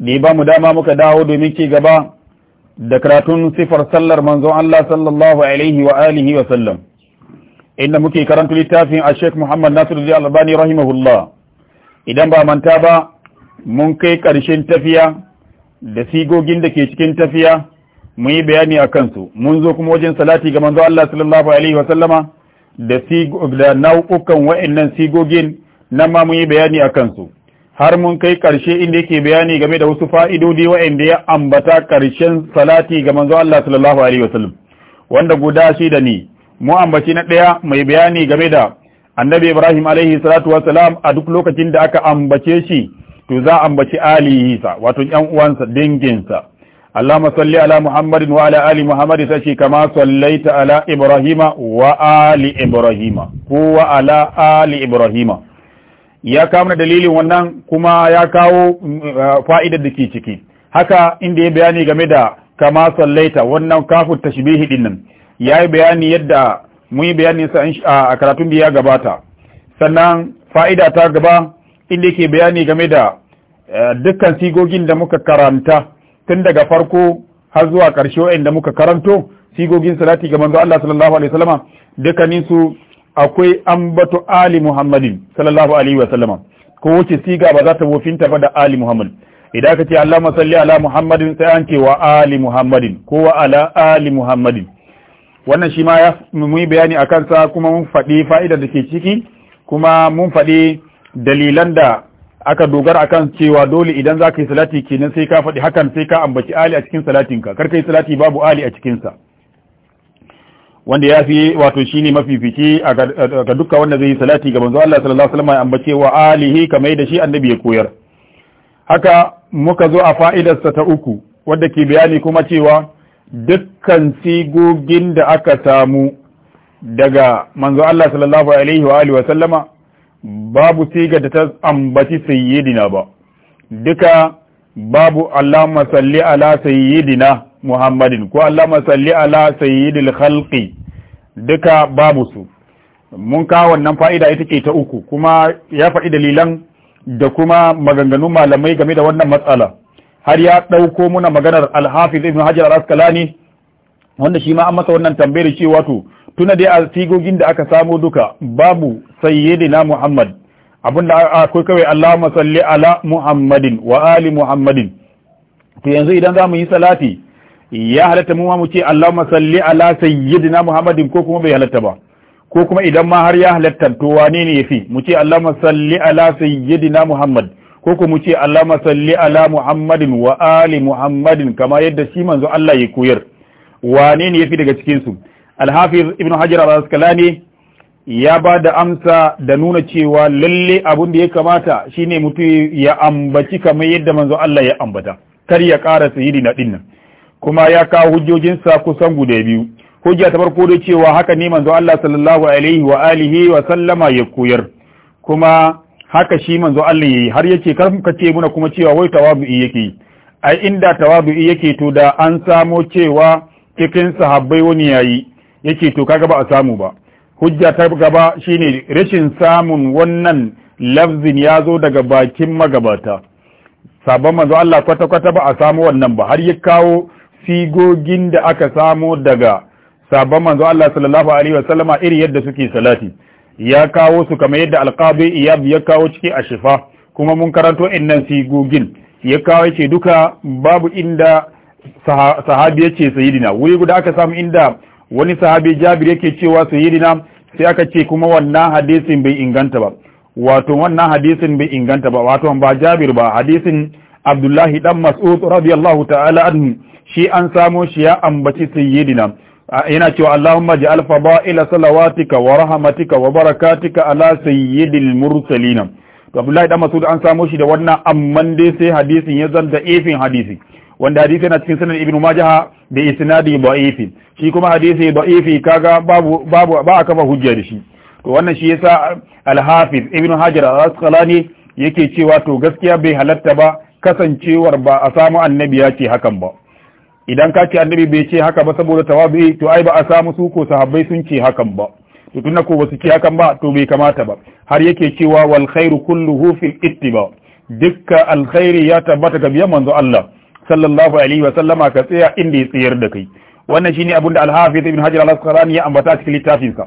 Ni ba mu dama muka dawo domin ci gaba da karatun sifar sallar manzon Allah sallallahu alaihi wa alihi wa sallam inda muke karanta littafin a Sheikh Muhammad Nasiruddin Albani rahimahullah idan ba manta ba mun kai karshen tafiya da sigogin da ke cikin tafiya mu yi bayani a kansu mun zo kuma wajen salati ga manzon Allah sallallahu alaihi wa sallama da nau'ukan wa'annan sigogin nan ma mu yi bayani a kansu har mun kai karshe inda yake bayani game da wasu fa'idodi wa'inda ya ambata karshen salati ga manzo Allah sallallahu alaihi wasallam wanda guda shi da ni mu ambaci na ɗaya mai bayani game da annabi Ibrahim alaihi salatu wasalam a duk lokacin da aka ambace shi to za ambaci sa wato yan uwansa danginsa اللهم صل على محمد وعلى آل محمد تشي كما ibrahima على إبراهيم وآل إبراهيم هو على ali إبراهيم ya kawo dalilin wannan kuma ya kawo mm, uh, fa'idar da ke ciki haka inda ya bayani game da kama sallaita wannan kafin tashibihi din nan ya yi bayani yadda mun yi bayani a karatun da ya gabata sannan fa'ida ta gaba inda ke bayani game da uh, dukkan sigogin da muka karanta tun daga farko har zuwa karshe wa'in da muka karanto sigogin salati ga manzo Allah sallallahu alaihi wasallama dukkanin akwai ambato ali muhammadin sallallahu alaihi wa sallama ko wace siga ba za ta wofinta ba da ali muhammad idan ka ce allahumma salli ala muhammadin sai an ce wa ali muhammadin ko wa ala ali muhammadin wannan shi ma ya mun bayani a kansa kuma mun faɗi fa'ida da ke ciki kuma mun faɗi dalilan da aka dogara akan cewa dole idan za yi salati kenan sai ka faɗi hakan sai ka ambaci ali a cikin salatinka kar ka yi salati babu ali a cikinsa wanda ya fi wato ne mafifici ga duka wanda zai yi salati ga manzo Allah sallallahu alaihi wasallam ambace wa alihi kamar da shi annabi ya koyar haka muka zo a sa ta uku wanda ke bayani kuma cewa dukkan sigogin da aka samu daga manzo Allah sallallahu alaihi wa alihi wa babu siga da ta ambaci sayyidina ba duka babu Allahumma salli ala sayyidina muhammadin ko allama salli ala sayyidil khalqi duka babu su mun kawo wannan fa'ida ita ke ta uku kuma ya faɗi dalilan da kuma maganganun malamai game da wannan matsala har ya ɗauko muna maganar alhafiz ibn hajar al askalani wanda shi ma an masa wannan tambayar ce wato tuna dai a sigogin da aka samo duka babu sayyidina muhammad abinda akwai kawai allahumma salli ala muhammadin wa ali muhammadin to yanzu idan zamu yi salati ya halatta mu ma mu ce Allahumma salli ala sayyidina Muhammadin ko kuma bai halatta ba ko kuma idan ma har ya halatta to wane ne yafi mu ce Allahumma salli ala sayyidina Muhammad ko kuma mu ce Allahumma salli ala Muhammadin wa ali Muhammadin kama yadda shi manzo Allah ya koyar wane ne yafi daga cikin su Al-Hafiz Ibn Hajar al-Asqalani ya ba da amsa da nuna cewa lalle abin da ya kamata shine mutum ya ambaci kamar yadda manzo Allah ya ambata kar ya ƙara sayyidina dinnan kuma ya kawo hujjojinsa kusan guda biyu hujja ta farko da cewa haka ne manzo Allah sallallahu alaihi wa alihi wa sallama ya koyar kuma haka shi manzo Allah yayi har yace kar ka ce muna kuma cewa wai tawadu'i yake ai inda tawadu'i yake to da an samo cewa cikin sahabbai wani yayi yake to kaga ba a samu ba hujja ta gaba shine rashin samun wannan lafzin ya zo daga bakin magabata sabon manzo Allah kwata-kwata ba a samu wannan ba har ya kawo sigogin da aka samo daga sabon manzo Allah sallallahu alaihi wa sallama iri yadda suke salati ya kawo su kamar yadda alqabi iyab ya kawo ciki a shifa kuma mun karanto innan sigogin ya kawo yake duka babu inda sahabi yace sayyidina wuri guda aka samu inda wani sahabi Jabir yake cewa sayyidina sai aka ce kuma wannan hadisin bai inganta ba wato wannan hadisin bai inganta ba wato ba Jabir ba hadisin abdullahi dan mas'ud radiyallahu ta'ala anhu shi an samo shi ya ambaci sayyidina yana cewa Allahumma ja'al fadaila salawatika wa rahmatika wa barakatika ala sayyidil mursalin to abdullahi dan mas'ud an samo shi da wannan amman dai sai hadisin ya zanta ifin hadisi wanda hadisi yana cikin sunan ibnu majah da isnadi da'ifi shi kuma hadisi da'ifi kaga babu babu ba a kafa hujja da shi to wannan shi yasa al-hafiz ibnu hajar al-asqalani yake cewa to gaskiya bai halatta ba kasancewar ba a samu annabi ya ce hakan ba idan ka ce annabi bai ce haka ba saboda tawabi to ai ba a samu su ko sahabbai sun ce hakan ba to tunda ko basu ce hakan ba to bai kamata ba har yake cewa wal khairu kulluhu fil ittiba dukka alkhairi ya tabbata ga biyan manzo Allah sallallahu alaihi wa sallama ka tsaya inda ya tsayar da kai wannan shine abin da al-hafiz ibn hajar al-asqalani ya ambata cikin littafin sa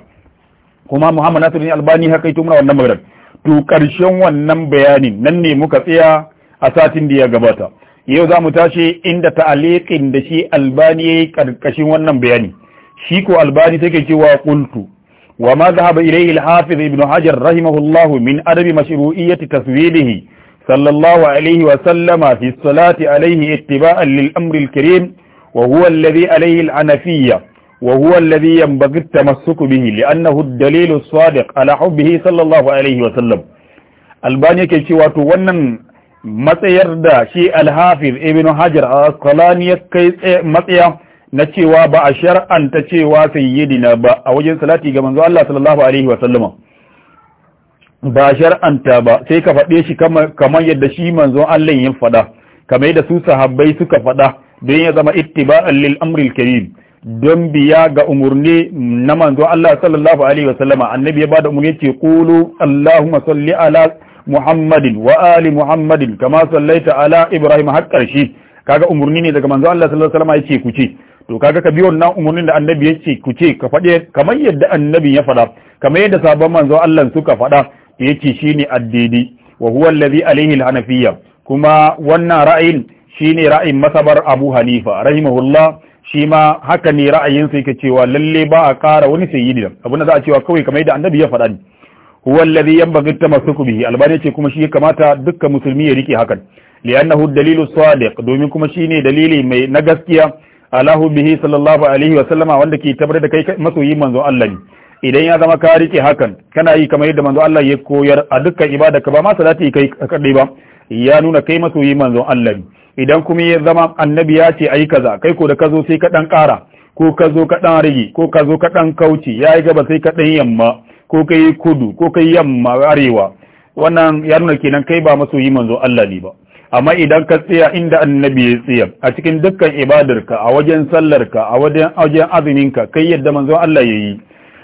kuma muhammad nasir albani haka ito muna wannan magana to karshen wannan bayanin nan ne muka tsaya a satin da ya gabata yau za mu tashi inda ta'aliqin da shi albani yayi karkashin wannan bayani shi ko albani take cewa qultu wa ma dhahaba ilayhi al-hafiz ibn hajar rahimahullahu min adabi mashru'iyyati taswidihi sallallahu alayhi wa sallama fi salati alayhi ittiba'an lil amri al-karim wa huwa alladhi alayhi al-anafiyya wa huwa alladhi yanbaghi at-tamassuku bihi li'annahu ad-dalil as-sadiq ala hubbihi sallallahu alayhi wa sallam albani yake cewa to wannan matsayar da shi alhafiz ibn hajar asqalani ya kai matsaya na cewa ba a shar'anta cewa sayyidina ba a wajen salati ga manzo Allah sallallahu alaihi wa sallama ba shar'anta ba sai ka faɗe shi kamar yadda shi manzo Allah ya faɗa kamar yadda su sahabbai suka faɗa don ya zama ittiba'an lil amri karim don biya ga umurni na manzo Allah sallallahu alaihi wa sallama annabi ya bada umurni ce qulu allahumma salli ala muhammadin wa muhammadin kama sallaita ala ibrahim har karshe kaga umurni ne daga manzo Allah sallallahu alaihi wasallam yace ku ce to kaga ka bi wannan umurnin da annabi yace ku ce ka faɗe kamar yadda annabi ya faɗa kamar da sabon manzo Allah suka faɗa yace shine addidi wa huwa alladhi alaihi al-hanafiyya kuma wannan ra'ayin shine ra'ayin masabar Abu Hanifa rahimahullah shi ma haka ne ra'ayin sa yake cewa lalle ba a ƙara wani sayyidi abin da za a cewa kawai kamar yadda annabi ya faɗa huwa alladhi yanbaghi tamassuku bihi albani ce kuma shi kamata dukkan musulmi ya rike hakan li'annahu dalilu sadiq domin kuma shine dalili mai na gaskiya alahu bihi sallallahu alaihi wa sallama wanda ke tabbatar da kai masoyi manzo Allah ne idan ya zama ka rike hakan kana yi kamar yadda manzo Allah ya koyar a dukkan ibada ka ba ma salati kai kadai ba ya nuna kai masoyi manzo Allah ne idan kuma ya zama annabi ya ce ayi kaza kai ko da ka zo sai ka dan kara ko ka zo ka dan rage ko ka zo ka dan kauce yayi gaba sai ka dan yamma ko kai kudu ko kai yamma arewa wannan ya nuna kenan kai ba masoyi manzo Allah ne ba amma idan ka tsaya inda annabi ya tsaya a cikin dukkan ibadarka a wajen sallarka a wajen wajen azuminka kai yadda manzo Allah yayi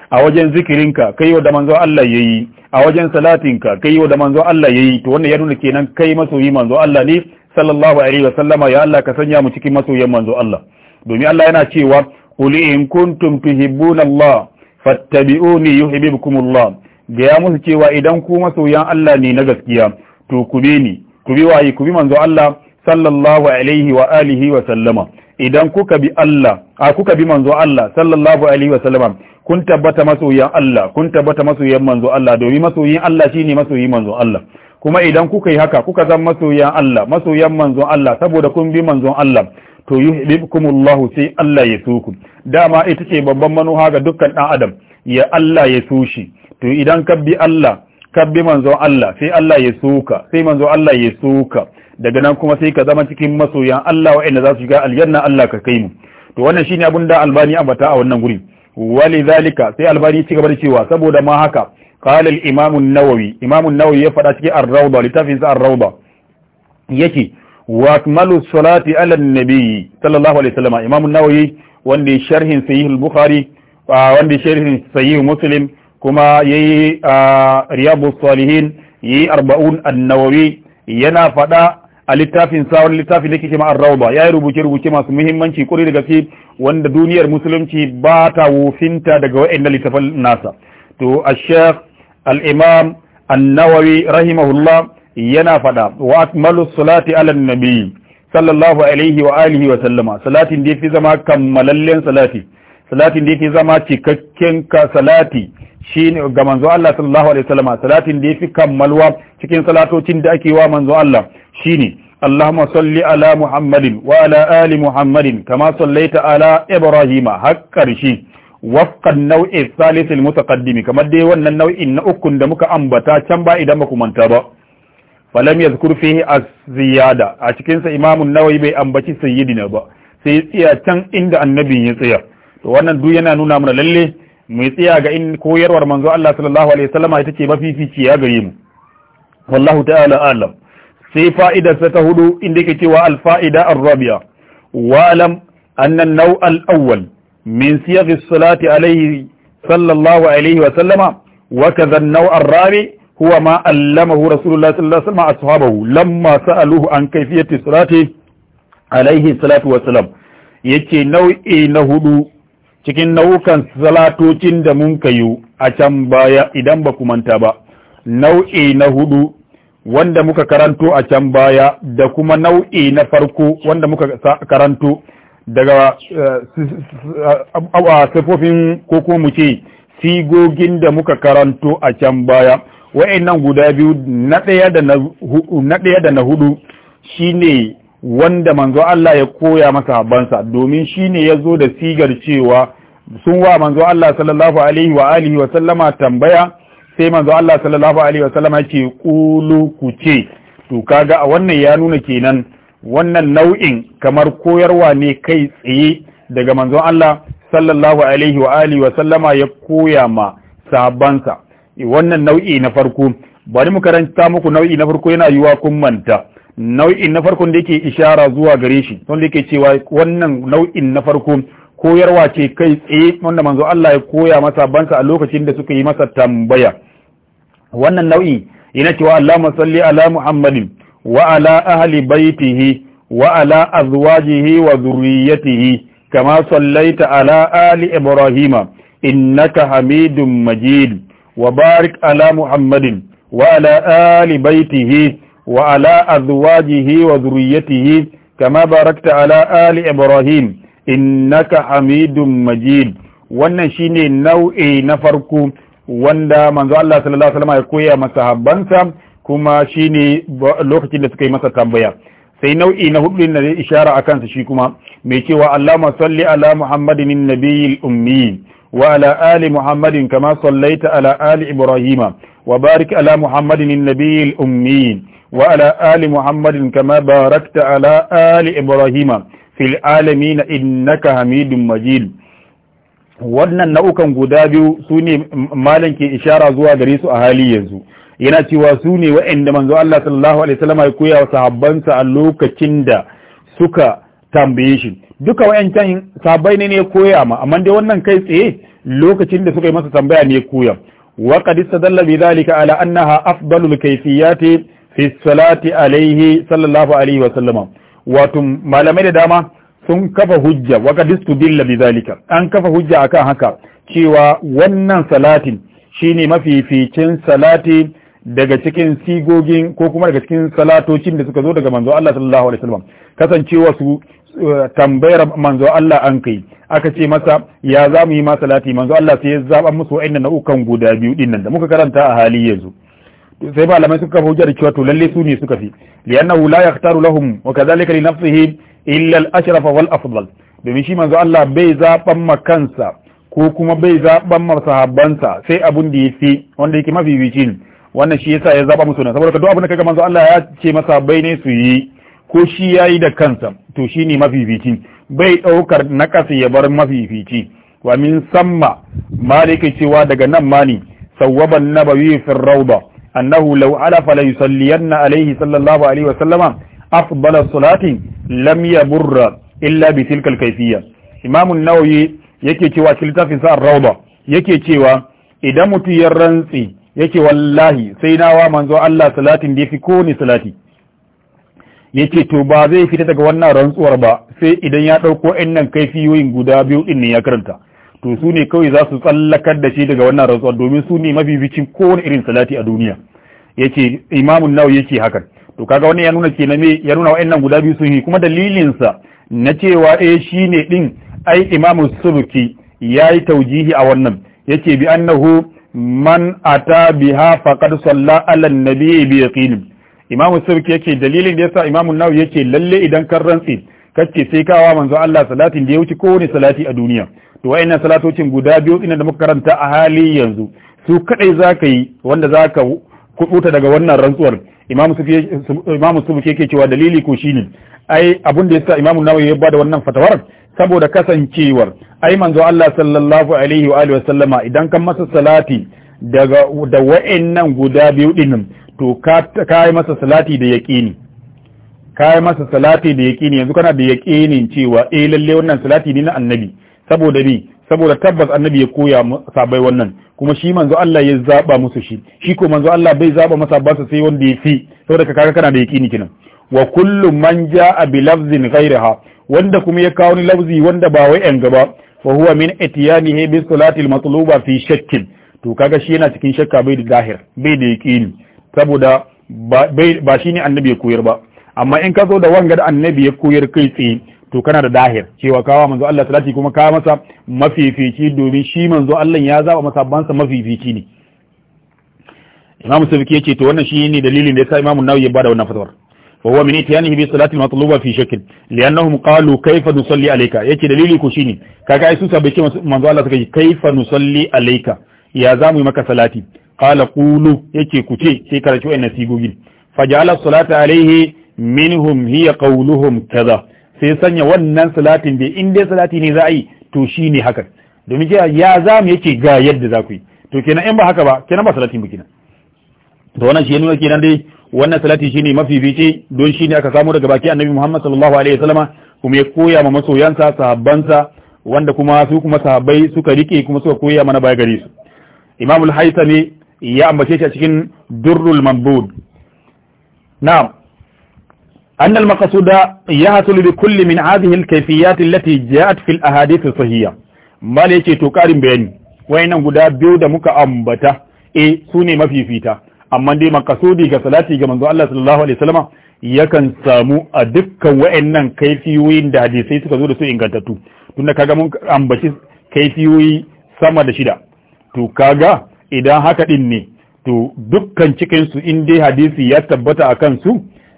a wajen zikirinka kai yadda manzo Allah yayi a wajen salatinka kai yadda manzo Allah yayi to wannan ya nuna kenan kai masoyi manzo Allah ne sallallahu alaihi wa sallama ya Allah ka sanya mu cikin masoyan manzo Allah domin Allah yana cewa qul in kuntum tuhibbuna Allah fattabi'uni yuhibbukumullah gaya musu cewa idan ku masoyan Allah ne na gaskiya to ku bi ni ku bi waye ku bi manzo Allah sallallahu alaihi wa alihi wa sallama idan kuka bi Allah a kuka bi manzo Allah sallallahu alaihi wa sallama kun tabbata masoyan Allah kun tabbata masoyan manzo Allah domin masoyin Allah shine masoyin manzo Allah kuma idan kuka yi haka kuka zama masoyan Allah masoyan manzon Allah saboda kun bi manzon Allah to yuhibbukumullahu sai Allah ya so ku dama ita ce babban manuha ga dukkan dan adam ya Allah ya so shi to idan ka Allah ka bi manzon Allah sai Allah ya so ka sai manzon Allah ya so daga nan kuma sai ka zama cikin masoyan Allah wa'anda za su shiga aljanna Allah ka kai mu to wannan shine abin da albani ambata a wannan guri zalika sai albani ci gaba da cewa saboda ma haka qala al-imam an-nawawi imam an-nawawi ya fada cikin ar-rawda littafin sa ar-rawda yake wa akmalu salati ala an-nabi sallallahu alaihi wasallam imam an-nawawi wanda sharhin sahih al-bukhari wanda sharhin sayi muslim kuma yayi riyadu salihin yayi arba'un an-nawawi yana fada a littafin sawar littafin da kike ma ar-rawda yayi rubuce rubuce masu muhimmanci kuri daga gaske wanda duniyar musulunci ba ta wufinta daga wa'annan littafin nasa to ash-shaykh al-imam an-nawawi rahimahullah yana fada wa akmalu salati ala nabi sallallahu alaihi wa alihi wa sallama salatin da fi zama kammalallen salati salatin da yake zama cikakken ka salati shine ga manzo Allah sallallahu alaihi wasallam salatin da yafi kammalwa cikin salatocin da ake wa manzo Allah shine اللهم صل على محمد وعلى آل محمد كما صليت على إبراهيم حق رشي وفق النوع الثالث المتقدم كما دي وانا النوع إن أكن دمك أنبتا شمبا إدمك منتبا فلم يذكر فيه الزيادة أشكين إمام النووي بأنبتي سيدنا با سيسيا تن عند النبي يسيا to wannan duk yana nuna mana lalle mu yi tsaya ga in koyarwar manzo Allah sallallahu alaihi wasallam ita ce mafifici ya gare mu wallahu ta'ala alam sai fa'ida ta hudu inda yake cewa al fa'ida ar rabi'a wa alam anna an naw al awwal min siyaq as salati alaihi sallallahu alaihi wa sallama wa kadha an naw ar rabi' huwa ma allamahu rasulullah sallallahu alaihi wasallam ashabahu lamma sa'aluhu an kayfiyati salati alaihi salatu wa salam yace nau'i na hudu cikin nau'ukan salatocin da mun kayu a can baya idan ba ku manta ba nau'i na hudu wanda muka karanto a can baya da kuma nau'i na farko wanda muka karanto daga eh, a sifofin ko kuma mu ce sigogin da muka karanto a can baya wa'annan guda biyu na ɗaya da na hudu shine wanda manzo Allah ya koya masa habansa domin shi ne ya zo da sigar cewa sun wa manzo Allah sallallahu alaihi wa alihi wa sallama tambaya sai manzo Allah sallallahu alaihi wa sallama yake kulu ku ce to kaga a wannan ya nuna kenan wannan nau'in kamar koyarwa ne kai tsaye daga manzo Allah sallallahu alaihi wa alihi wa sallama ya koya ma sabonsa. E, wannan nau'i na farko bari mu karanta muku nau'i na farko yana yiwa kun manta nau'in na farkon da yake ishara zuwa gare shi wanda yake cewa wannan nau'in na farko koyarwa ce kai tsaye wanda manzo Allah ya koya masa bansa a lokacin da suka yi masa tambaya wannan nau'i yana cewa Allahumma salli ala Muhammadin wa ala ahli baitihi wa ala azwajihi wa dhurriyyatihi kama sallaita ala ali Ibrahima innaka Hamidum Majid wa barik ala Muhammadin wa ala ali baitihi wa ala azwajihi wa dhurriyyatihi kama barakta ala ali Ibrahim innaka hamidun majid wannan shine nau'i na farko wanda manzo Allah sallallahu alaihi wasallam ya koya masa masahabbansa kuma shine lokacin da suka yi masa tambaya sai nau'i na hudu da ishara a kansa shi kuma mai cewa Allahumma salli ala Muhammadin nabiyil ummi wa ala ali Muhammadin kama sallaita ala ali Ibrahim wa barik ala Muhammadin nabiyil ummi wa ala ali Muhammadin kama barakta ala ali Ibrahim fil alamin innaka hamidun majid wannan nau'ukan guda biyu su ne malam ke ishara zuwa gare su a hali yanzu yana cewa su ne wa'anda manzo Allah sallallahu alaihi wasallam ya koya wa sahabbansa a lokacin da suka tambaye shi duka wa'ancan sahabbai ne ne koya ma amma dai wannan kai tsaye lokacin da suka yi masa tambaya ne koya wa qad istadalla bi dhalika ala annaha afdalul kayfiyati fi salati alaihi sallallahu alaihi wato malamai da dama sun kafa hujja wa dilla bi zalika an kafa hujja akan haka cewa wannan salatin shine mafificin salati daga cikin sigogin ko kuma daga cikin salatocin da suka zo daga manzo Allah sallallahu alaihi wasallam kasancewa su eh, tambayar manzo Allah an kai aka ce masa ya za mu yi ma salati manzo Allah sai ya zaba musu wa'annan nau'ukan guda biyu dinnan da muka karanta a hali yanzu sai malamai suka fi hujjar cewa to lalle su ne suka fi li'annahu la yaktaru lahum wa kadhalika li nafsihi illa al-ashraf wal afdal domin shi manzo Allah bai zaban kansa ko kuma bai zaban masahabansa sai abun da yafi wanda yake mafi bicin wannan shi yasa ya zaba musu nan saboda duk abin da kaga manzo Allah ya ce masa bai ne su yi ko shi yayi da kansa to shi mafi bicin bai daukar nakasa ya bar mafi bici wa min samma malike cewa daga nan mani sawwaban nabawi fi rawda annahu law ala fala yusalliyanna alayhi sallallahu alaihi wasallama afdala salati lam yaburra illa bi tilka al-kayfiyya imam an-nawawi yake cewa kiltafin sa ar-rawda yake cewa idan mutu ya rantsi yake wallahi sai nawa manzo Allah salatin da ya yafi kone salati yace to ba zai fita daga wannan rantsuwar ba sai idan ya dauko ɗannan kaifiyoyin guda biyu din ne ya karanta to su ne kawai za su tsallakar da shi daga wannan rantsuwa domin su ne mafificin kowane irin salati a duniya yace imamun nawawi yake hakan to kaga wani ya nuna kenan me ya nuna wa'annan guda biyu sun yi kuma dalilin sa na cewa eh shine din ai imamu subki yayi taujihi a wannan yace bi annahu man ata biha faqad salla ala nabi bi yaqin imamu subki yake dalilin da yasa imamu nawawi yake lalle idan kan rantsi kace sai kawa manzo Allah salatin da ya wuce kowane salati a duniya to nan salatocin guda biyu ina da muka karanta a hali yanzu su kadai ka yi wanda za ka kuɗuta daga wannan rantsuwar imamu su ke cewa dalili ko shine ai abin da ya sa imamu nawa ya bada wannan fatawar saboda kasancewar ai manzo Allah sallallahu alaihi wa alihi sallama idan kan masa salati daga da wayannan guda biyu din to ka yi masa salati da yaqini kai masa salati da yaqini yanzu kana da yaqinin cewa eh lalle wannan salati ne na annabi saboda bi saboda tabbas annabi ya koya sabai wannan kuma shi manzo Allah ya zaba musu shi shi ko manzo Allah bai zaba masa ba sai wanda ya fi saboda ka kaga kana da yaqini kinan wa kullu man jaa bi lafzin ghayriha wanda kuma ya kawo ni lafzi wanda ba wai yan gaba fa huwa min itiyanihi bi salati al-matluba fi shakkin to kaga shi yana cikin shakka bai da zahir bai da yaqini saboda ba shi ne annabi ya koyar ba amma in ka zo da wanga da annabi ya koyar kai tsaye to kana da dahir cewa kawa manzo Allah salati kuma ka masa mafifici domin shi manzo Allah ya zaba bansa mafifici ne Imam Sufyan yace to wannan shine dalilin da yasa Imam Nawawi ya bada wannan fatawar fa huwa min itiyanihi bi salati al-matluba fi shakl li'annahum qalu kayfa nusalli alayka yace dalili ku shine kaga ai su sabai ce manzo Allah suka yi kayfa nusalli alayka ya zamu yi maka salati qala qulu yace ku ce sai karanci wayannan sigogin faja'ala salata alayhi minhum hiya qawluhum kaza sai sanya wannan salatin bai in dai salati ne za a yi to shi ne haka domin kira ya za mu yake ga yadda za ku yi to kenan in ba haka ba kenan ba salatin ba kenan to wannan shi nuna kenan dai wannan salati ne mafi bice don shi ne aka samu daga baki annabi Muhammad sallallahu alaihi wasallama kuma ya koya ma masoyansa sahabbansa wanda kuma su kuma sahabbai suka rike kuma suka koya mana baya gare su imamul al-Haythami ya ambace shi a cikin Durrul mabud na'am أن المقصود يحصل بكل من هذه الكيفيات التي جاءت في الأحاديث الصحية ما ليكي تقارن بيني وإن قد بيود مك أمبتا إيه سوني ما في فيتا أما دي مقصودي كصلاتي كمنذ الله صلى الله عليه وسلم yakan samu a dukkan wa'annan kaifiyoyin da hadisai suka zo da su ingantattu tunda kaga mun ambaci kaifiyoyi sama da shida to kaga idan haka din ne to dukkan cikin su in dai hadisi ya tabbata akan su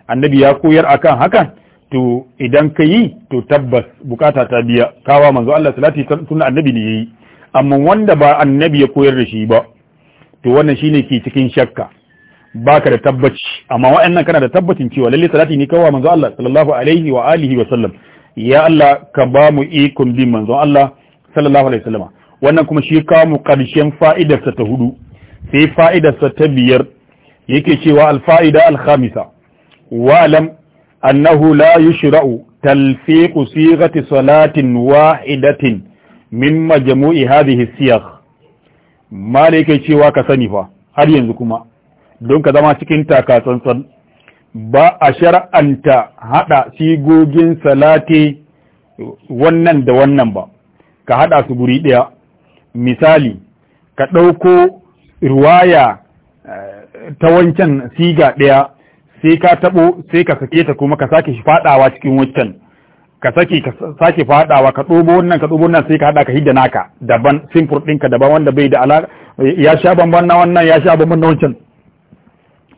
annabi ya koyar akan hakan to idan ka yi to tabbas bukata ta biya kawa manzo Allah salati sunna annabi ne yayi amma wanda ba annabi ya koyar da shi ba to wannan shine ke cikin shakka baka da tabbaci amma wa'annan kana da tabbacin cewa lalle salati ne kawa manzo Allah sallallahu alaihi wa alihi wa sallam ya Allah ka ba mu ikon bin manzo Allah sallallahu alaihi wa sallama wannan kuma shi kawo mu karshen fa'idarsa ta hudu sai fa'idarsa ta biyar yake cewa al-fa'ida al-khamisa wa'lam annahu la yushra'u ku sighati salatin wa'idatin min majmu'i hadhihi siyagh ke cewa ka sani fa har yanzu kuma don ka zama cikin taka tsantsan ba a shar'anta haɗa sigogin salati wannan da wannan ba ka haɗa su guri ɗaya. misali ka ɗauko ruwaya ta wancan siga ɗaya sai ka tabo sai ka sake ta kuma ka sake shi fadawa cikin wancan ka sake ka sake fadawa ka ɗobo wannan ka ɗobo wannan sai ka hada ka hidda naka daban simple ɗinka daban wanda bai da alaka ya sha bamban na wannan ya sha bamban na wancan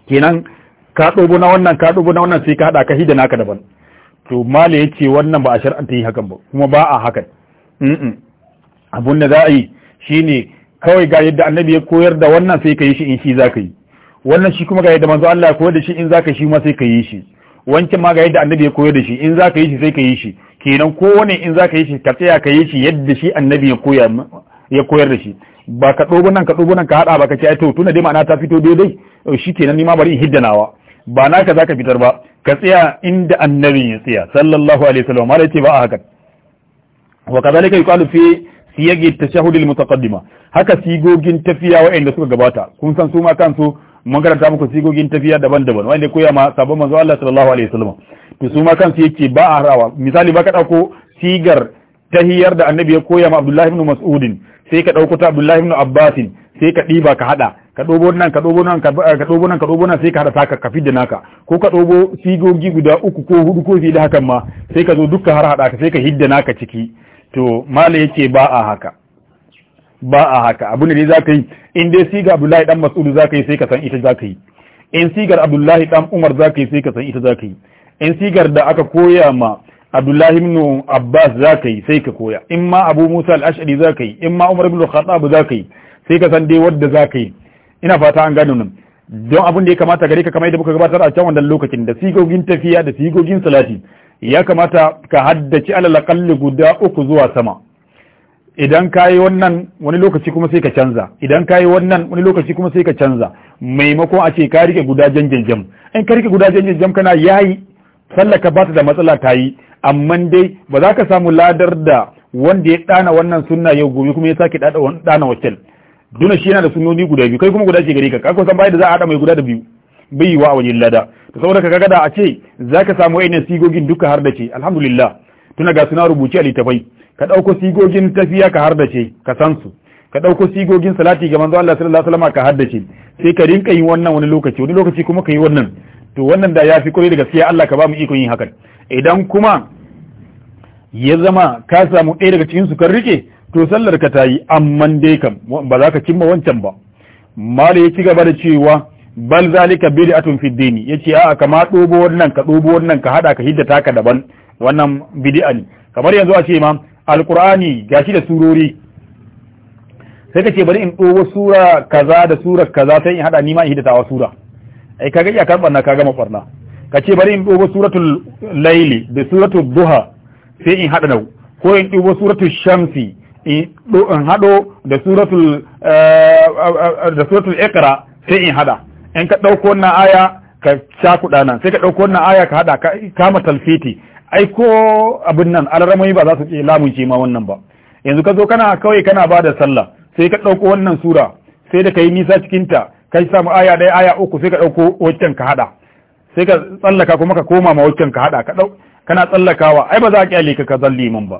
kenan ka ɗobo na wannan ka ɗobo na wannan sai ka hada ka hidda naka daban to mala yace wannan ba a shar'anta yi hakan ba kuma ba a hakan mm abun da za a yi shine kawai ga yadda annabi ya koyar da wannan sai ka yi shi in shi za ka yi wannan shi kuma ga yadda manzo Allah ya koyar da shi in zaka shi ma sai ka yi shi wancan ma ga yadda annabi ya koyar da shi in zaka yi shi sai ka yi shi kenan ko wani in zaka yi shi ka tsaya ka yi shi yadda shi annabi ya koyar ya koyar da shi ba ka dogo nan ka dogo nan ka hada ba ka ce ai to tuna dai ma'ana ta fito daidai shi kenan ni ma bari in hiddanawa ba ka zaka fitar ba ka tsaya inda annabi ya tsaya sallallahu alaihi wasallam mala yace ba a haka wa kadalika yuqalu fi siyagi tashahudil mutaqaddima haka sigogin tafiya wa'anda suka gabata kun san su ma kansu mun karanta muku sigogin tafiya daban-daban wanda koya ma sabon manzo Allah sallallahu alaihi wasallam to su ma kansu yake ba a rawa misali ba ka dauko sigar tahiyar da annabi ya koya ma Abdullah ibn Mas'ud sai ka dauko ta Abdullah ibn Abbas sai ka diba ka hada ka dobo nan ka dobo nan ka dobo nan ka dobo nan sai ka hada ka kafi da naka ko ka dobo sigogi guda uku ko hudu ko fiye da hakan ma sai ka zo dukkan har hada ka sai ka hidda naka ciki to mala yake ba a haka ba a haka abu ne za ka yi in dai siga abdullahi dan mas'ud za ka yi sai ka san ita za ka yi in sigar abdullahi dan umar za ka yi sai ka san ita za ka yi in sigar da aka koya ma abdullahi ibn abbas za ka yi sai ka koya in ma abu musa al-ash'ari za ka yi in ma umar ibn khattab za ka yi sai ka san dai wanda za ka yi ina fata an gano nan don abin da ya kamata gare ka kamar yadda muka gabatar a can wannan lokacin da sigogin tafiya da sigogin salati ya kamata ka haddace alal guda uku zuwa sama idan ka yi wannan wani lokaci kuma sai ka canza idan ka yi wannan wani lokaci kuma sai ka canza maimakon a ce ka rike guda janjanjam in ka rike guda janjanjam kana yayi sallar ka bata da matsala ta yi amma dai ba za ka samu ladar da wanda ya dana wannan sunna yau gobe kuma ya sake dana wakil duna shi yana da sunnoni guda biyu kai kuma guda ce gare ka ka kusan bai da za a hada mai guda da biyu bai yi wa a wajen lada to saboda ka kaga da a ce za ka samu ainihin sigogin duka har da ce alhamdulillah tuna ga suna rubuce a littafai ka ɗauko sigogin tafiya ka hardace ka san su ka ɗauko sigogin salati ga manzo Allah sallallahu alaihi wasallam ka haddace sai ka rinka yin wannan wani lokaci wani lokaci kuma ka yi wannan to wannan da ya fi kwarai da gaskiya Allah ka ba mu iko yin hakan idan kuma ya zama ka samu ɗaya daga cikin su kan rike to sallar ka ta yi amma dai kam ba za ka cimma wancan ba mala ya ci gaba da cewa bal zalika bid'atun fi dini yace a'a kama dobo wannan ka dobo wannan ka hada ka hiddata ka daban wannan bid'a ne kamar yanzu a ce ma alkur'ani gashi da surori sai ka ce bari in ɗogo sura kaza da sura kaza sai in haɗa ma in hidatawa sura ai iya iyakar barna ka gama barna ka ce bari in ɗogo suratul laili da suratul duha sai in haɗa nau ko in ɗogo suratul shamsi in haɗo da suratul eh, eh, da suratul iqra sai in haɗa in ka ɗauko wannan aya ka cakuɗa nan sai ka ɗauko wannan aya ka haɗa ka kama talfiti ai ko abin nan alramai ba za su ce lamunce ma wannan ba yanzu ka zo kana kawai kana ba da sallah sai ka ɗauko wannan sura sai da ka yi nisa cikinta ka samu aya ɗaya aya uku sai ka ɗauko waccan ka haɗa sai ka tsallaka kuma ka koma ma waccan ka haɗa ka ɗau kana tsallakawa ai ba za a kyale ka ka zalli liman ba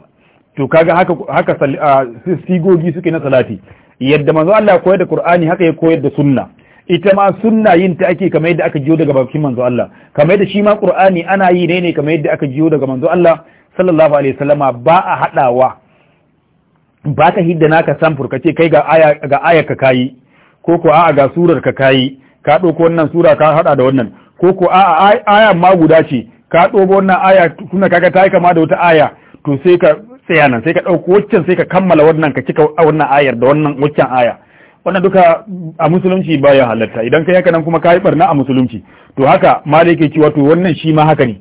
to kaga haka haka ah, sigogi suke na salati yadda manzo Allah ya koyar da Qur'ani haka ya koyar da sunna ita ma sunna yin ta ake kamar yadda aka jiyo daga bakin manzo Allah kamar yadda shi ma Qur'ani ana yi ne ne kamar yadda aka jiyo daga manzo Allah sallallahu alaihi wasallama ba a hadawa ba ka hidda naka samfur ka ce kai ga aya ga aya ka kai ko ko a'a ga surar ka kai ka dauko wannan sura ka hada da wannan ko ko a'a aya ma guda ce ka dauko wannan aya tuna kaga ta kama da wata aya to sai ka tsaya nan sai ka dauko waccan sai ka kammala wannan ka cika wannan ayar da wannan waccan aya wannan duka a musulunci baya halatta idan ka yanka nan kuma ka yi barna a musulunci to haka ma da yake cewa to wannan shi ma haka ne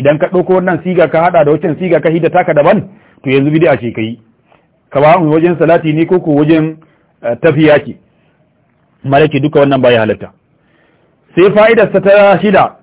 idan ka ɗauko wannan siga ka haɗa da wancan siga ka hidda taka daban to yanzu bid'a ce kai ka ba mu wajen salati ne ko ko wajen eh, tafiya ce ma da duka wannan baya halatta sai fa'idar sa ta shida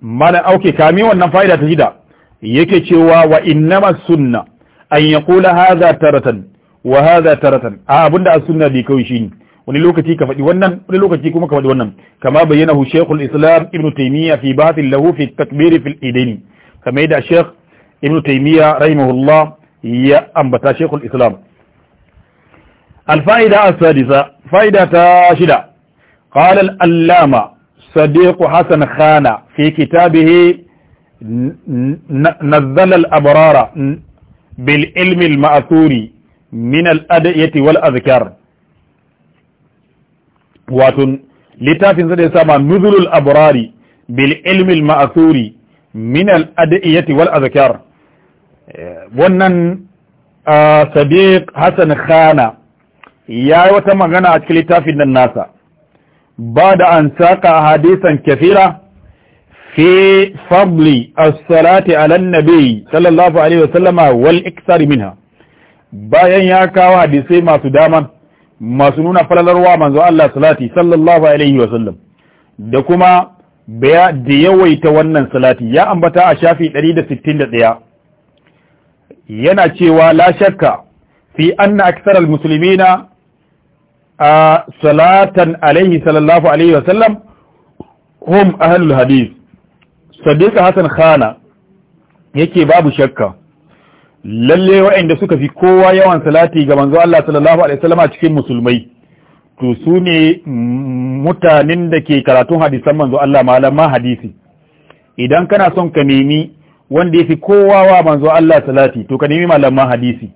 malam auke kami wannan fa'ida ta shida yake cewa wa innama sunna an yaqula hadha taratan وهذا ترتن آه بند السنة دي كويشين ولوكتي كفدي ونن ولوكتي كما كفدي ونن كما بينه شيخ الإسلام ابن تيمية في بات له في التكبير في الإيدين كما يدع شيخ ابن تيمية رحمه الله يا أمبتا شيخ الإسلام الفائدة السادسة فائدة تاشدة قال الألامة صديق حسن خان في كتابه نزل الأبرار بالعلم المأثوري من الأدعية والأذكار واتن لتاس سدي سما نذل الأبرار بالعلم المأثور من الأدعية والأذكار ونن آه صديق حسن خانا يا وتم غنى أكلتا في الناس بعد أن ساق أحاديثا كثيرا في فضل الصلاة على النبي صلى الله عليه وسلم والإكثار منها bayan ya kawo hadisai masu dama, masu nuna falalarwa manzo Allah salati sallallahu alaihi wa sallam da kuma da yawaita wannan salati ya ambata a shafi 161 yana cewa la shakka fi anna aktharal musulmina a salatan alaihi sallallahu alaihi wa sallam hum ahlul hadith sadiq hasan khana yake babu shakka lalle waɗanda suka fi kowa yawan salati ga manzo Allah sallallahu alaihi wasallam cikin musulmai to su ne mutanen da ke karatun hadisan manzo Allah malaman hadisi idan kana son ka nemi wanda ya fi kowa wa manzo Allah salati to ka nemi malaman hadisi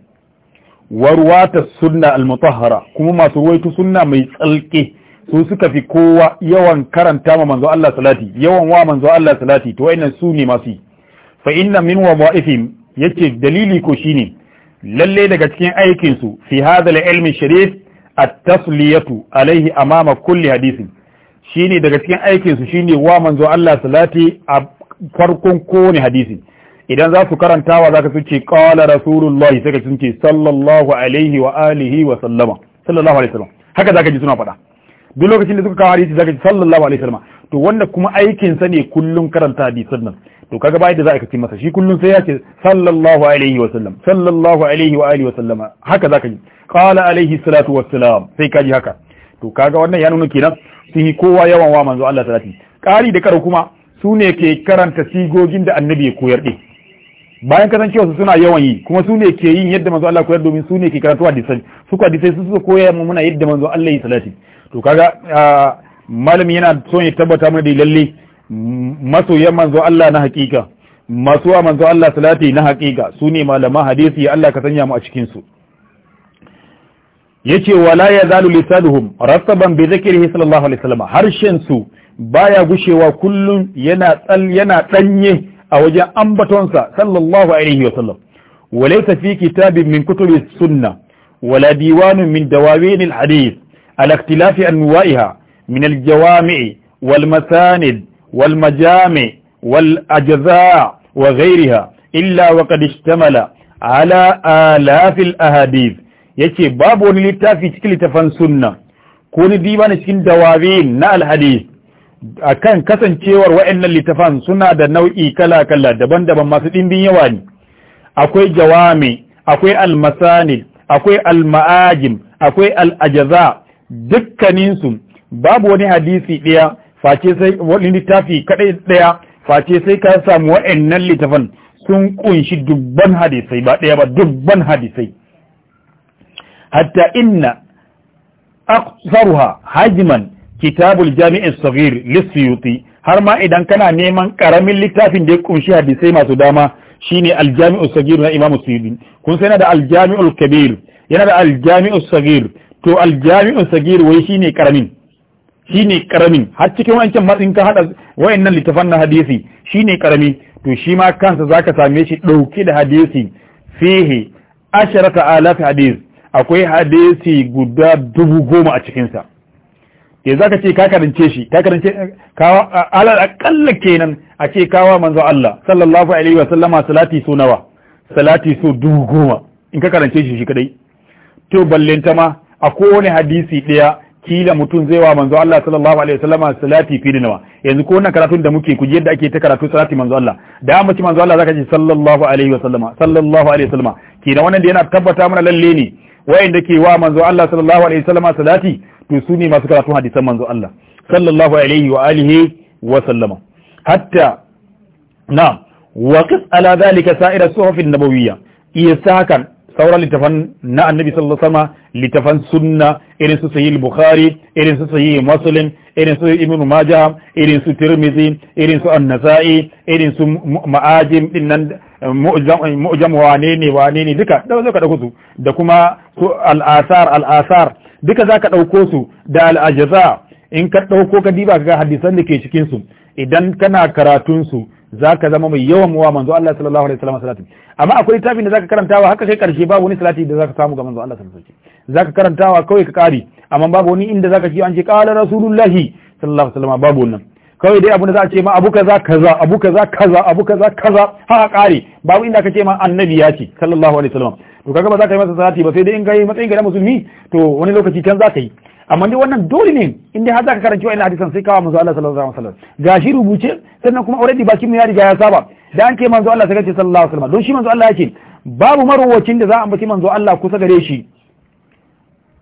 warwata sunna al-mutahhara kuma masu ruwaito sunna mai tsalke su suka fi kowa yawan karanta ma manzo Allah salati yawan wa manzo Allah salati to wayannan su ne masu fa inna min wada'ifim yace dalili ko shine lalle daga cikin aikin su fi hadal ilmi sharif at-tasliyatu alayhi amama kulli hadisin shine daga cikin aikin su shine wa manzo Allah salati a farkon kowane hadisi idan za su karantawa zaka su ce qala rasulullahi sai ka sun ce sallallahu alaihi wa alihi wa sallama sallallahu alaihi wasallam haka zaka ji suna faɗa duk lokacin da suka kawo hadisi zaka ji sallallahu alaihi wasallam to wanda kuma aikin sa ne kullun karanta hadisin nan to kaga ba yadda za a kace masa shi kullum sai ya ce sallallahu alaihi wa sallam sallallahu alaihi wa alihi wa sallama haka zaka yi qala alaihi salatu wa salam sai kaji haka to kaga wannan ya nuna kenan sun yi kowa yawan wa manzo Allah salati ƙari da karo kuma su ne ke karanta sigogin da annabi ya koyar din bayan kasancewa cewa suna yawan yi kuma su ne ke yin yadda manzo Allah koyar domin su ne ke karatu hadisai su ko hadisai su su koyar mu muna yadda manzo Allah ya salati to kaga ah, malami yana son ya tabbata mana da lalle masoyan manzo Allah na hakika masu manzo Allah salati na hakika su ne malama hadisi Allah ka sanya mu a cikin su yace wala ya zalu lisanuhum rasaban bi zikrihi sallallahu alaihi wasallam harshen su baya gushewa kullun yana tsal yana danye a wajen ambatonsa sallallahu alaihi wasallam walaysa fi kitabin min kutubi sunna dawawin al hadith al الحديث anwa'iha min al jawami' wal masanid walmajami والمجامع والأجزاء وغيرها إلا وقد اشتمل على آلاف الأحاديث yace babu wani littafi cikin littafan sunna ko ni cikin dawawin na alhadis akan kasancewar wa'annan littafan suna da nau'i kala-kala daban-daban masu ɗin yawa ne akwai jawami akwai almasani akwai alma'ajim akwai al'ajaza dukkaninsu babu wani hadisi ɗaya face sai wani littafi kadai daya face sai ka samu wa'annan littafan sun kunshi dubban hadisai ba daya ba dubban hadisai hatta inna aktsaruha hajman kitabul jami'i as-saghir lis har ma idan kana neman karamin littafin da ya kunshi hadisai masu dama shine al-jami'u as-saghir na Imam Suyuti kun sai na da al-jami'ul kabir yana da al-jami'u as-saghir to al-jami'u as-saghir wai shine karamin shine karamin har cikin wancan matsin ka hada wayannan littafan na hadisi shine karami to shi ma kansa zaka same shi dauke da hadisi fihi asharata alaf hadis akwai hadisi guda dubu goma a cikin sa ke zaka ce ka karance shi ka karance kawa alal akalla kenan a ce kawa manzo Allah sallallahu alaihi wa sallama salati so nawa salati so dubu goma in ka karance shi shi kadai to ballenta ma a kowane hadisi ɗaya. kila mutum zai wa manzo Allah sallallahu alaihi wasallam salati fi nawa yanzu ko wannan karatun da muke ku yadda ake ta karatu salati manzo Allah da mace manzo Allah zaka ce sallallahu alaihi wasallam sallallahu alaihi wasallam kenan wannan da yana tabbata mana lalle ne wayanda ke wa manzo Allah sallallahu alaihi wasallam salati to su ne masu karatun hadisan manzo Allah sallallahu alaihi wa alihi wa sallama hatta na wa qis ala zalika sa'ira suhufin nabawiyya iya sakan sauran littafan na annabi sallallahu alaihi wasallam littafan sunna irin su sahih bukhari irin su sahih muslim irin su ibn majah irin su tirmidhi irin su an-nasa'i irin su ma'ajim din nan mu'jam wane ne wane ne duka da zaka dauko su da kuma su al-asar al-asar duka zaka dauko su da al-ajza in ka dauko ka diba ka ga hadisan da ke cikin su idan kana karatun su Za ka zama mai yawan muwa manzo Allah sallallahu alaihi wasallam salati amma akwai littafin da zaka karantawa haka kai karshe babu wani salati da zaka samu ga manzo Allah sallallahu alaihi wasallam zaka karantawa kawai ka kare amma babu wani inda zaka ji an ce qala rasulullahi sallallahu alaihi wasallam babu wannan kawai dai abu da za a ce ma abu kaza kaza abu kaza kaza abu kaza kaza ha kare babu inda ka ce ma annabi ya ce sallallahu alaihi wasallam to kaga ba za ka yi masa salati ba sai dai in kai matsayin ga musulmi to wani lokaci can za ka yi amma dai wannan dole ne in dai har ka karanci wa'annan hadisan sai kawo manzo Allah sallallahu alaihi wasallam gashi rubuce sannan kuma already bakin mu ya riga ya saba da an ce manzo Allah sai ce sallallahu alaihi wasallam don shi manzo Allah yake babu marwacin da za a ambaci manzo Allah kusa gare shi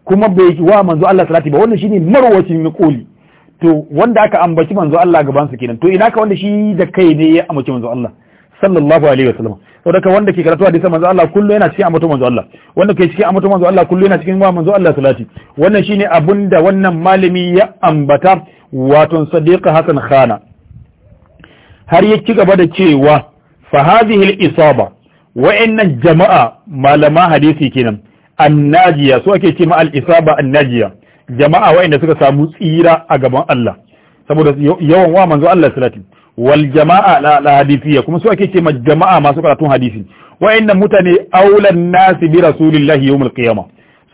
kuma bai wa manzo Allah salati ba wannan shine marwacin koli to wanda aka ambaci manzo Allah gaban su kenan to ina ka wanda shi da kai ne ya ambaci manzo Allah sallallahu alaihi wasallam saboda wanda ke karatu hadisan manzo Allah kullu yana cikin ambaton manzo Allah wanda ke cikin ambaton manzo Allah kullu yana cikin wa manzo Allah salati wannan shine abunda wannan malami ya ambata wato sadiqa Hassan Khana har ya ci gaba da cewa fa hadhihi al-isaba wa'annan jama'a malama hadisi kenan annajiya so ake ce ma al-isaba annajiya jama'a wa'anda suka samu tsira a gaban Allah saboda yawan wa manzo Allah salati wal jama'a la hadithiyya kuma su ake ce ma jama'a masu karatun hadisi wa'annan mutane aulan nasi bi rasulillahi yawmul qiyama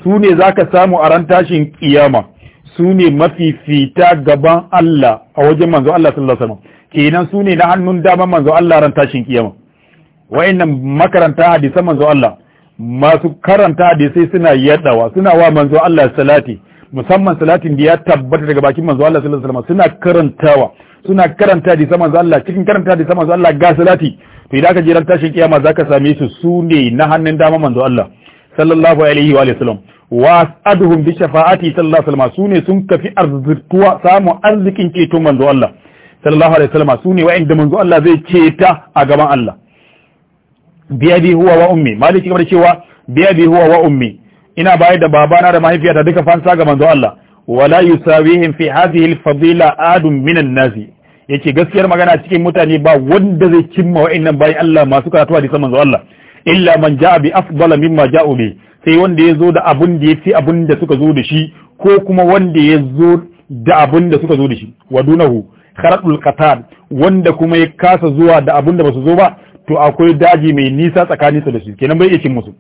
su ne zaka samu a ran tashin kiyama su ne mafifita gaban Allah a wajen manzo Allah sallallahu alaihi wasallam kenan su ne na hannun dama manzo Allah ran tashin kiyama wa'annan makaranta hadisan manzo Allah masu karanta hadisai suna yadawa suna wa manzo Allah salati musamman salatin da ya tabbata daga bakin manzo Allah sallallahu alaihi wasallam suna karantawa suna karanta da sama Allah cikin karanta da sama Allah ga salati to idan ka je ran tashin kiyama zaka same su su ne na hannun dama manzo Allah sallallahu alaihi wa sallam wa as'aduhum bi shafa'ati sallallahu alaihi wasallam su ne sun kafi arzikuwa samu arzikin ceto manzo Allah sallallahu alaihi wasallam su ne wa'inda manzo Allah zai ceta a gaban Allah bi abi huwa wa ummi maliki kamar cewa bi abi huwa wa ummi ina bayar da babana da mahaifiyata duka fansa ga manzo Allah wala yusawihim fi hadhihi al-fadila adun minan nasi yake gaskiyar magana cikin mutane ba wanda zai cimma wa'annan bayan Allah masu karatu hadisan manzo Allah illa man ja'a bi afdala mimma ja'u bi sai wanda ya zo da abun da yafi abun da suka zo da shi ko kuma wanda ya zo da abun da suka zo da shi wa dunahu kharatul qatar wanda kuma ya kasa zuwa da abun da basu zo ba to akwai daji mai nisa tsakanin su da shi kenan bai iya musu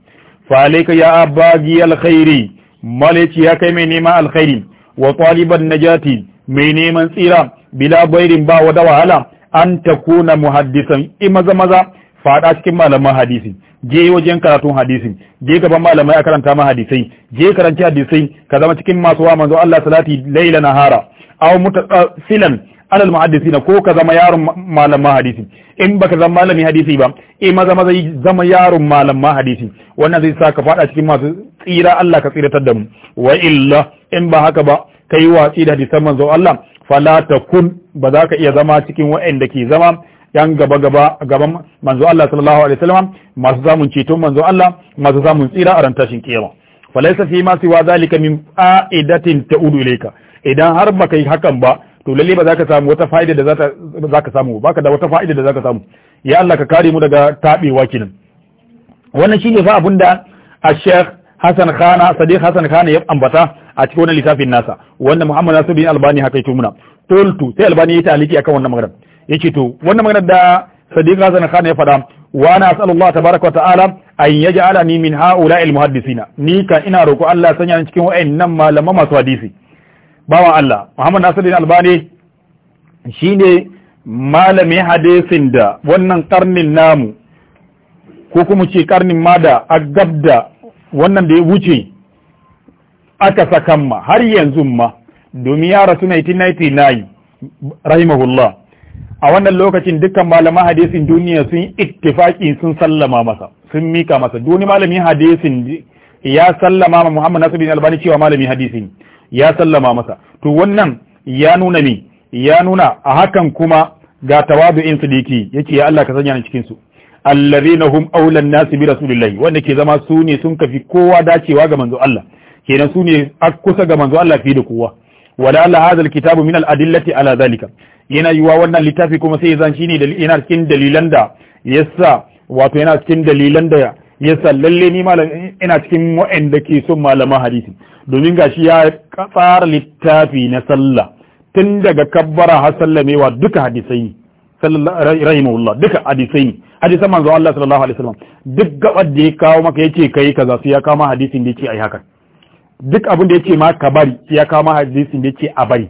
فعليك يا باغي الخير مالك يا كاي مي نيما الخير وطالب النجاة مي نيما tsira بلا بير با da wahala an kona muhaddisan imaza maza fada cikin malaman hadisi je wajen karatun hadisi je gaban malamai a karanta ma hadisai je karanci hadisai ka zama cikin masu wa manzo Allah salati laila nahara aw mutasilan alal muhaddisina ko ka zama yaron malam hadisi in baka zama malami hadisi ba eh maza maza zama yaron malam hadisi wannan zai sa ka fada cikin masu tsira Allah ka tsira da mu wa illa in ba haka ba kai watsi da hadisan manzo Allah fala takun ba za ka iya zama cikin wa'anda ke zama yan gaba gaba gaban manzo Allah sallallahu alaihi wasallam masu zamun ceto manzo Allah masu zamun tsira a ran tashin kiyama falaisa fi ma siwa zalika min a'idatin ta'udu ilayka idan har baka yi hakan ba to lalle ba za ka samu wata fa'ida da za ka samu ba ka da wata fa'ida da za ka samu ya Allah ka kare mu daga tabewa kenan wannan shine fa abinda a Sheikh Hassan Khana Sadiq Hassan Khana ya ambata a cikin wannan littafin nasa wanda Muhammad Nasiruddin Albani haka yake muna toltu sai Albani ya ta'aliki akan wannan magana yace to wannan magana da Sadiq Hassan Khana ya faɗa wa ana asalullah tabaraka wa ta'ala an yaj'alani min ha'ula'il muhaddisina ni ka ina roko Allah sanya ni cikin wa'annan malama masu hadisi bawan Allah Muhammad Nasiruddin Albani shine malamin hadisin da wannan karnin namu ko kuma ce karnin mada a gabda wannan da ya wuce aka sakan ma har yanzu ma domin ya rasu 1999 rahimahullah a wannan lokacin dukkan malaman hadisin duniya sun ittifaki sun sallama masa sun mika masa duni malamin hadisin ya sallama ma Muhammad Nasiruddin Albani cewa malamin hadisin ya sallama masa to wannan ya nuna ne ya nuna a hakan kuma ga tawadu'in sidiki yake ya Allah ka sanya ni cikin su allazina hum aula an bi rasulillahi wanda ke zama su ne sun kafi kowa dacewa ga manzo Allah kenan su ne kusa ga manzo Allah fi da kowa wala la hadha al-kitabu min al ala zalika yana yiwa wannan littafi kuma sai zan shine da yana cikin dalilan da yasa wato yana cikin dalilan da ya sallalle ni malam ina cikin wa'anda ke son malaman hadisi domin gashi ya tsara littafi na sallah tun daga kabbara har sallamewa duka hadisai rahimahullah duka hadisai hadisan manzo Allah sallallahu alaihi wasallam duk gabar da ya kawo maka yace kai kaza sai ya kama hadisin da yace ai haka duk abin da yace ma ka bari sai ya kama hadisin da yace a bari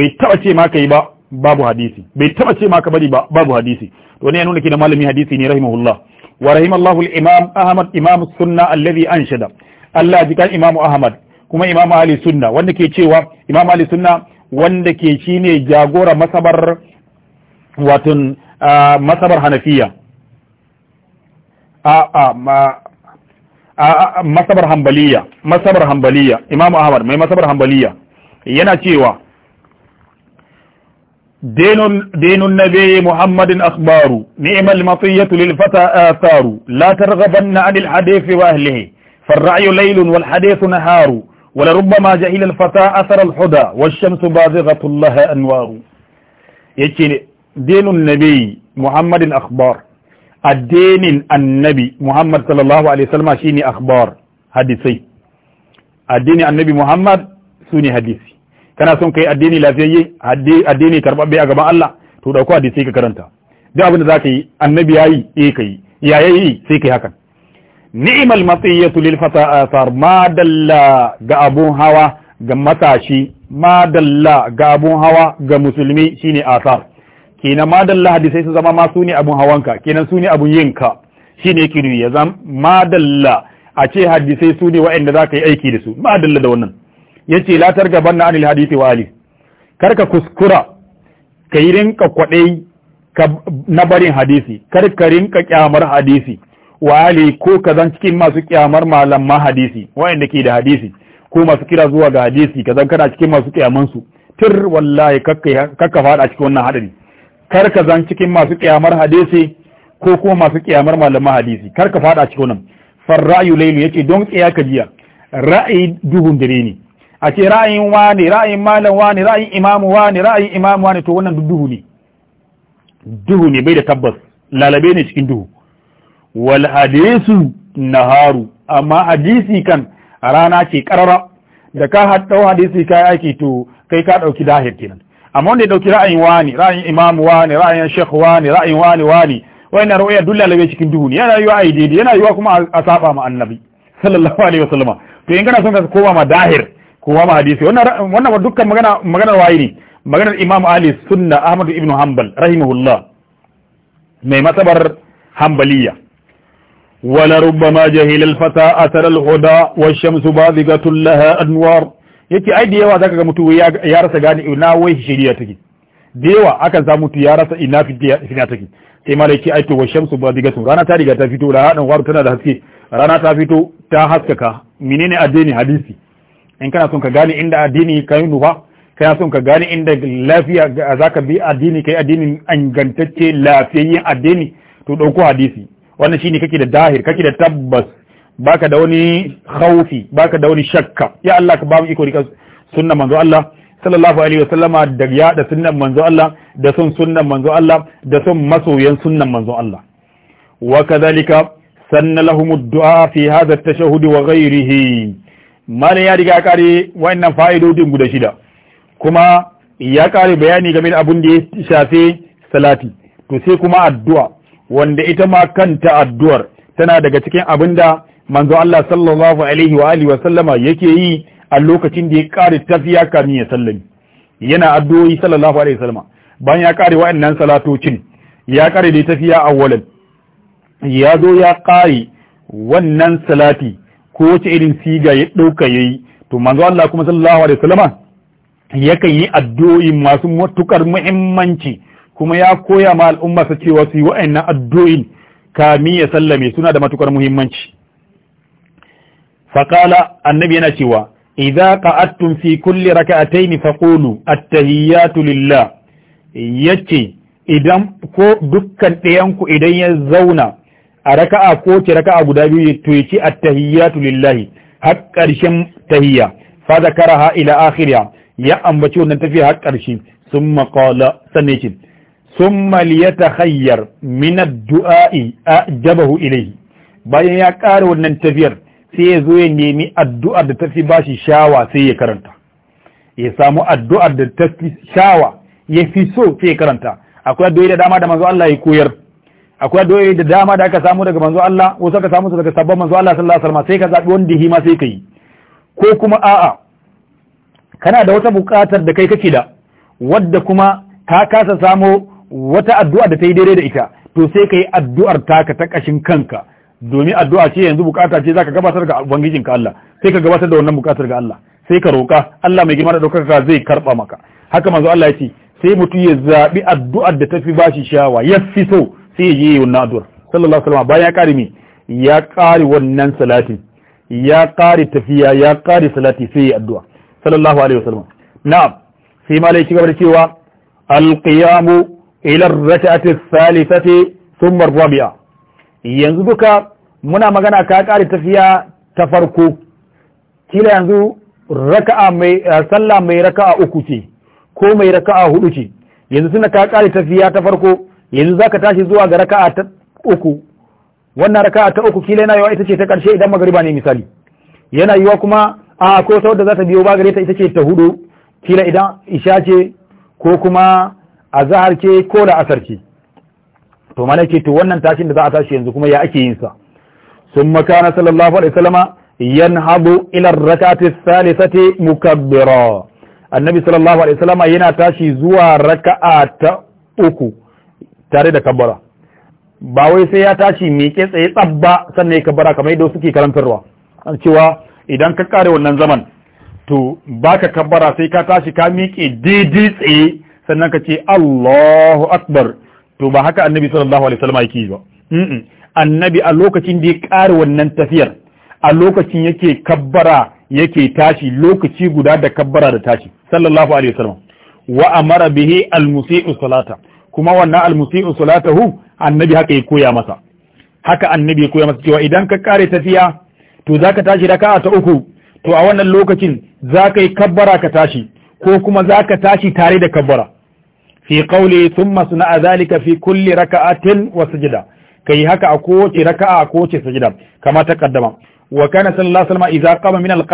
bai taba ce ma kai ba babu hadisi bai taba ce ma ka bari ba babu hadisi to ne ya nuna kina malami hadisi ne rahimahullah wa rahimallahu al-imam ahmad imam sunna alladhi anshada Allah ji kan imam ahmad kuma imam ali sunna wanda ke cewa imam ali sunna wanda ke shine jagora masabar watun masabar hanafiya masabar hambaliya imam ahmad mai masabar hambaliya yana cewa دين, دين النبي محمد أخبار نعم المطية للفتى آثار لا ترغبن عن الحديث وأهله فالرعي ليل والحديث نهار ولربما جهل الفتى أثر الحدى والشمس بازغة لها أنوار يتشيل دين النبي محمد أخبار الدين النبي محمد صلى الله عليه وسلم شيني أخبار حديثي الدين النبي محمد سوني حديث kana son kai addini lafiyayye addini karɓaɓɓe a gaban Allah to dauko hadisi ka karanta duk abin da ka yi annabi yayi eh kai yi sai kai hakan ni'mal matiyatu lil fata asar ma dalla ga abun hawa ga matashi ma dalla ga abun hawa ga musulmi shine asar kenan ma dalla hadisai sun zama ma su ne abun hawanka kenan su ne abun yinka shine yake ya zama ma dalla a ce hadisai su ne za zaka yi aiki da su ma dalla da wannan yace la na anil hadisi wa ali karka kuskura ka yi rinka kwadai na barin hadisi kar ka rinka kyamar hadisi wa ali ko ka zan cikin masu kyamar malaman hadisi wa'anda ke da hadisi ko masu kira zuwa ga hadisi ka zan kana cikin masu kyaman su tir wallahi kakka fada cikin wannan hadari kar ka zan cikin masu kyamar hadisi ko kuma masu kyamar malaman hadisi kar ka fada cikin nan farra'yu laylu yace don tsaya ka jiya ra'ayi duhun dare ne a ce ra'ayin wani ra'ayin malam wani ra'ayin imamu wani ra'ayin imamu wani to wannan duhu ne duhu ne bai da tabbas lalabe ne cikin duhu wal hadisu naharu amma hadisi kan rana ce karara da ka hada hadisi kai aiki to kai ka dauki dahir kenan amma wanda ya dauki ra'ayin wani ra'ayin imamu wani ra'ayin Sheikh wani ra'ayin wani wani wannan ra'ayi duk lalabe cikin duhu ne yana yiwa a yi daidai yana yiwa kuma a saba ma annabi sallallahu alaihi sallama. to in kana son ka koma ma dahir kuma ma hadisi wannan wa dukkan magana maganar wayi ne maganar Imam Ali Sunna Ahmad ibn Hanbal rahimahullah mai matsabar Hanbaliya wala rubbama jahila al-fata atar al-huda wa shamsu badighatun laha anwar yake ai da yawa zaka ga mutu ya rasa gane ina wai shiriya take da yawa akan samu mutu ya rasa ina fitina take sai ma da yake ai to wa shamsu badighatun rana ta riga ta fito da hadan waru tana da haske rana ta fito ta haskaka menene addini hadisi in kana son ka gane inda addini ka yi nufa kana son ka gane inda lafiya za ka bi addini ka yi addini ingantacce lafiyayyen addini to ɗauko hadisi wannan shine kake da dahir kake da tabbas baka da wani khaufi baka da wani shakka ya Allah ka ba mu iko rika sunna manzo Allah sallallahu alaihi wasallama da yada sunnan manzo Allah da son sunnan manzo Allah da son masoyan sunnan manzo Allah wa kadhalika sanna lahum ad-du'a fi hadha at-tashahhud wa ghayrihi malam ya riga kare waannan fa'idodin guda shida kuma ya kare bayani game da abin da ya shafe salati to sai kuma addu'a wanda ita ma kanta addu'ar tana daga cikin abin da manzo Allah sallallahu alaihi wa alihi wa sallama yake yi a lokacin da ya kare tafiya kamin ya sallami yana addu'o'i sallallahu alaihi wa sallama bayan ya kare wa'annan salatocin ya kare da tafiya awwalan ya zo ya kare wannan salati ko wace irin siga ya ɗauka ya yi to manzo Allah kuma sallallahu alaihi wasallama yakan yi addu'o'i masu matukar muhimmanci kuma ya koya ma al'umma su cewa su yi wa'annan addu'o'in kamin ya sallame suna da matukar muhimmanci faqala annabi yana cewa idza qa'adtum fi kulli rak'atayn faqulu at-tahiyyatu lillah yace idan ko dukkan ɗayanku idan ya zauna a raka'a ko ce raka'a guda biyu to yace at-tahiyatu lillahi har karshen tahiyya fa zakaraha ila akhiriha ya ambaci wannan tafiya har karshe summa qala sanne ce summa liyatakhayyar min ad-du'a'i ajabahu ilayhi bayan ya ƙara wannan tafiyar sai ya zo ya nemi addu'ar da tafi bashi shawa sai ya karanta ya samu addu'ar da tafi shawa ya fi so sai ya karanta akwai addu'o'i da dama da manzo Allah ya koyar akwai addu'o'i da dama da aka samu daga manzo Allah wasu aka samu daga sabon manzo Allah sallallahu alaihi wasallam sai ka zabi wanda hima sai kai ko kuma a'a kana da wata buƙatar da kai kake da wadda kuma ka kasa samo wata addu'a da ta yi daidai da ita to sai ka yi addu'ar taka ta ƙashin kanka domin addu'a ce yanzu buƙata ce zaka gabatar ga ka Allah sai ka gabatar da wannan buƙatar ga Allah sai ka roƙa Allah mai girma da ɗaukaka zai karɓa maka haka manzo Allah ya ce sai mutum ya zaɓi addu'ar da ta fi bashi shawa ya fi so sai ya je wannan addu'ar sallallahu alaihi wasallam bayan ya kare mi ya kare wannan salati ya kare tafiya ya kare salati sai ya addu'a sallallahu alaihi wasallam na'am sai malai ci gaba da cewa alqiyam ila ar-rak'ati ath-thalithati thumma ar-rabi'a yanzu duka muna magana ka kare tafiya ta farko kila yanzu raka'a mai eh, sallah mai raka'a uku ce ko mai raka'a hudu ce yanzu suna ka kare tafiya ta farko yanzu za ka tashi zuwa ga raka'a ta uku wannan raka'a ta uku kila yana yawa ita ce ta ƙarshe idan magariba ne misali yana yiwa kuma a ko ta wadda za ta biyo ba gare ta ita ce ta hudu kila idan isha ce ko kuma zahar ce ko da asar ce to mana ce to wannan tashin da za a tashi yanzu kuma ya ake yin sa sun makana sallallahu alaihi wasallama yanhabu ila rak'ati thalithati mukabbira annabi sallallahu alaihi wasallama yana tashi zuwa raka'a ta uku tare da kabbara ba wai sai ya tashi miƙe tsaye tsabba sannan ya kabbara kamar yadda suke karantarwa cewa idan ka kare wannan zaman to baka kabbara sai ka tashi ka miƙe daidai tsaye sannan ka ce Allahu akbar to ba haka annabi sallallahu alaihi wasallam yake ba annabi a lokacin da ya kare wannan tafiyar a lokacin yake kabbara yake tashi lokaci guda da kabbara da tashi sallallahu alaihi wasallam wa amara bihi al-musii'u salata kuma wannan almusi'u salatahu annabi haka ya koya masa haka annabi ya koya masa cewa idan ka kare tafiya to zaka tashi raka'a ta uku to a wannan lokacin zaka yi kabbara ka tashi ko kuma zaka tashi tare da kabbara fi qawli thumma suna zalika fi kulli raka'atin wa sujda kai haka a kowace raka'a a kowace sujda kama ta kaddama wa kana sallallahu alaihi wasallam idza qama min al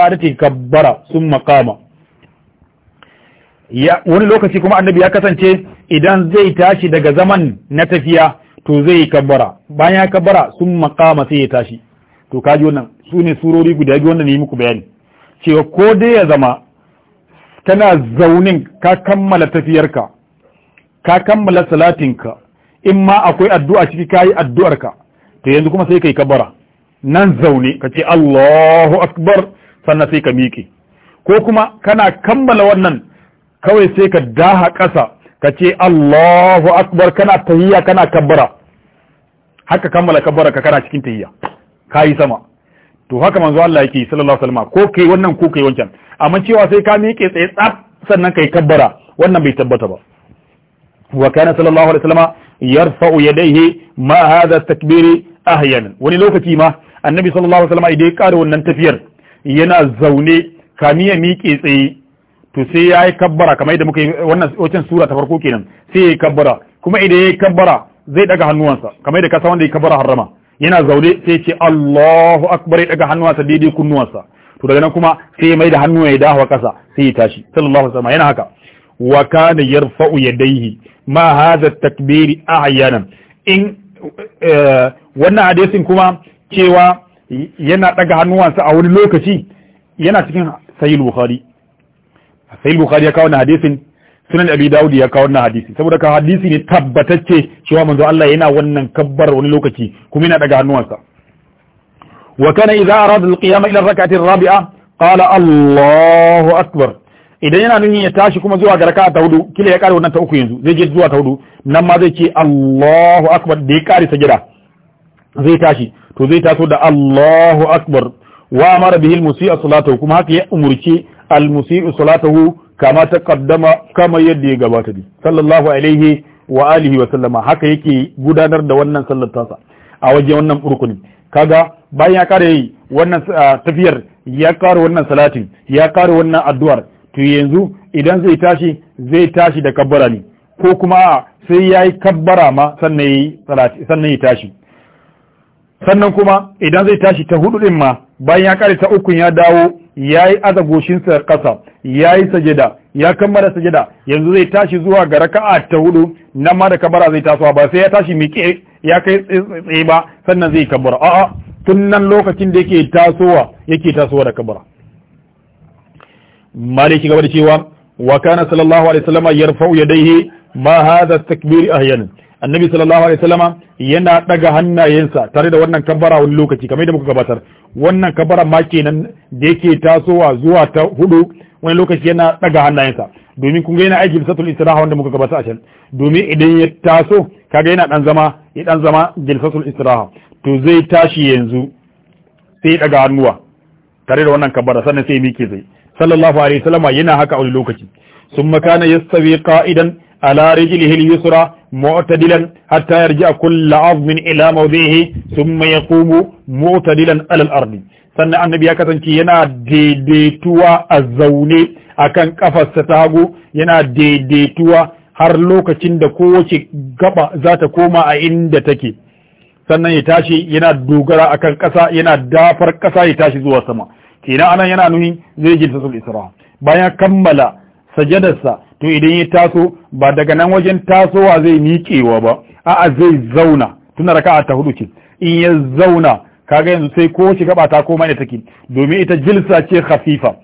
kabbara thumma qama wani lokaci kuma annabi ya kasance idan zai tashi daga zaman na tafiya to zai yi kabbara bayan ya kabbara sun makama sai ya tashi to kaji wannan su ne surori guda biyu wannan ne muku bayani cewa ko dai ya zama kana zaunin ka kammala tafiyarka ka kammala salatinka in ma akwai addu'a ciki kayi addu'arka to yanzu kuma sai kai kabbara nan zaune ka ce Allahu akbar sannan sai ka miƙe ko kuma kana kammala wannan kawai sai ka daha ƙasa ka ce Allahu akbar kana tahiyya kana kabbara haka kammala kabbara ka kana cikin tahiyya yi sama to haka manzo Allah yake sallallahu alaihi wasallam ko kai wannan ko kai wancan amma cewa sai ka miƙe tsaye tsaf sannan kai kabbara wannan bai tabbata ba wa kana sallallahu alaihi wasallam yarfa'u yadayhi ma hadha takbiri ahyan wani lokaci ma annabi sallallahu alaihi wasallam idan ya ƙara wannan tafiyar yana zaune kamiya miƙe tsaye to sai ya yi kabbara kamar yadda muka yi wannan wacan sura ta farko kenan sai ya yi kabbara kuma idan ya yi kabbara zai daga hannuwansa kamar yadda kasa wanda ya kabbara harrama yana zaune sai ce Allahu akbar ya daga hannuwansa daidai kunnuwansa to daga nan kuma sai ya mai da hannuwa ya dawo kasa sai ya tashi sallallahu alaihi yana haka wa kana yarfa'u yadayhi ma hadha at-takbir ahyanan in eh, wannan hadisin kuma cewa yana daga hannuwansa a wani lokaci yana cikin sahih bukhari sai bukhari ya kawo na hadisin sunan abi daud ya kawo hadisi saboda ka hadisi ne tabbatacce cewa manzo Allah yana wannan kabbar wani lokaci kuma yana daga hannuwansa wa kana idza arada al-qiyama ila rak'ati ar-rabi'a qala Allahu akbar idan yana nuni ya tashi kuma zuwa ga raka'a ta hudu kila ya kare wannan ta uku yanzu zai je zuwa ta hudu nan ma zai ce Allahu akbar da ya kare sajida zai tashi to zai taso da Allahu akbar wa amara bihi al-musi'a salatu kuma haka ya umurce al-musii'u salatahu kama kaddama kama yadda ya gabata bi sallallahu alaihi wa alihi wa sallama haka yake gudanar da wannan sallar tasa a waje wannan rukunin kaga bayan ya kare wannan tafiyar ya kare wannan salatin ya kare wannan addu'ar to yanzu idan zai tashi zai tashi da kabbara ne ko kuma sai ya yi kabbara ma sannan ya tashi sannan kuma idan zai tashi ta hudu din ma bayan ya kare ta ukun ya dawo ya yi aza goshinsa ƙasa ya yi sajada ya kammala sajada yanzu zai tashi zuwa ga raka'a ta hudu nan ma da kabara zai tasowa ba sai ya tashi miƙe ya kai tsaye ba sannan zai kabara a'a tun nan lokacin da yake tasowa yake tasowa da kabara malik gaba da cewa wa kana sallallahu alaihi wasallam yarfa'u yadayhi ma hadha takbir ahyanan annabi sallallahu alaihi wasallama yana daga hannayensa tare da wannan kabbara wani lokaci kamar da muka gabatar wannan kabbara ma kenan da yake tasowa zuwa ta hudu wani lokaci yana daga hannayensa domin kun ga yana aiki bisatul istiraha wanda muka gabatar a can domin idan ya taso kaga yana dan zama ya dan zama jilsatul istiraha to zai tashi yanzu sai daga hannuwa tare da wannan kabbara sannan sai mike zai sallallahu alaihi wasallama yana haka a wani lokaci summa kana yastawi qa'idan على رجله اليسرى معتدلا حتى يرجع كل عظم إلى موضعه ثم يقوم معتدلا على الأرض sannan annabi ya kasance yana daidaituwa a zaune akan ƙafarsa ta hagu yana daidaituwa har lokacin da kowace gaba za ta koma a inda take sannan ya tashi yana dogara akan ƙasa yana dafar ƙasa ya tashi zuwa sama kenan anan yana nuni zai jinta sul isra bayan kammala sajadarsa to idan ya taso ba daga nan wajen tasowa zai miƙewa ba a'a zai zauna tuna a ta hudu ce in ya zauna kaga yanzu sai ko shi gaba ta koma ne take domin ita jilsa ce khafifa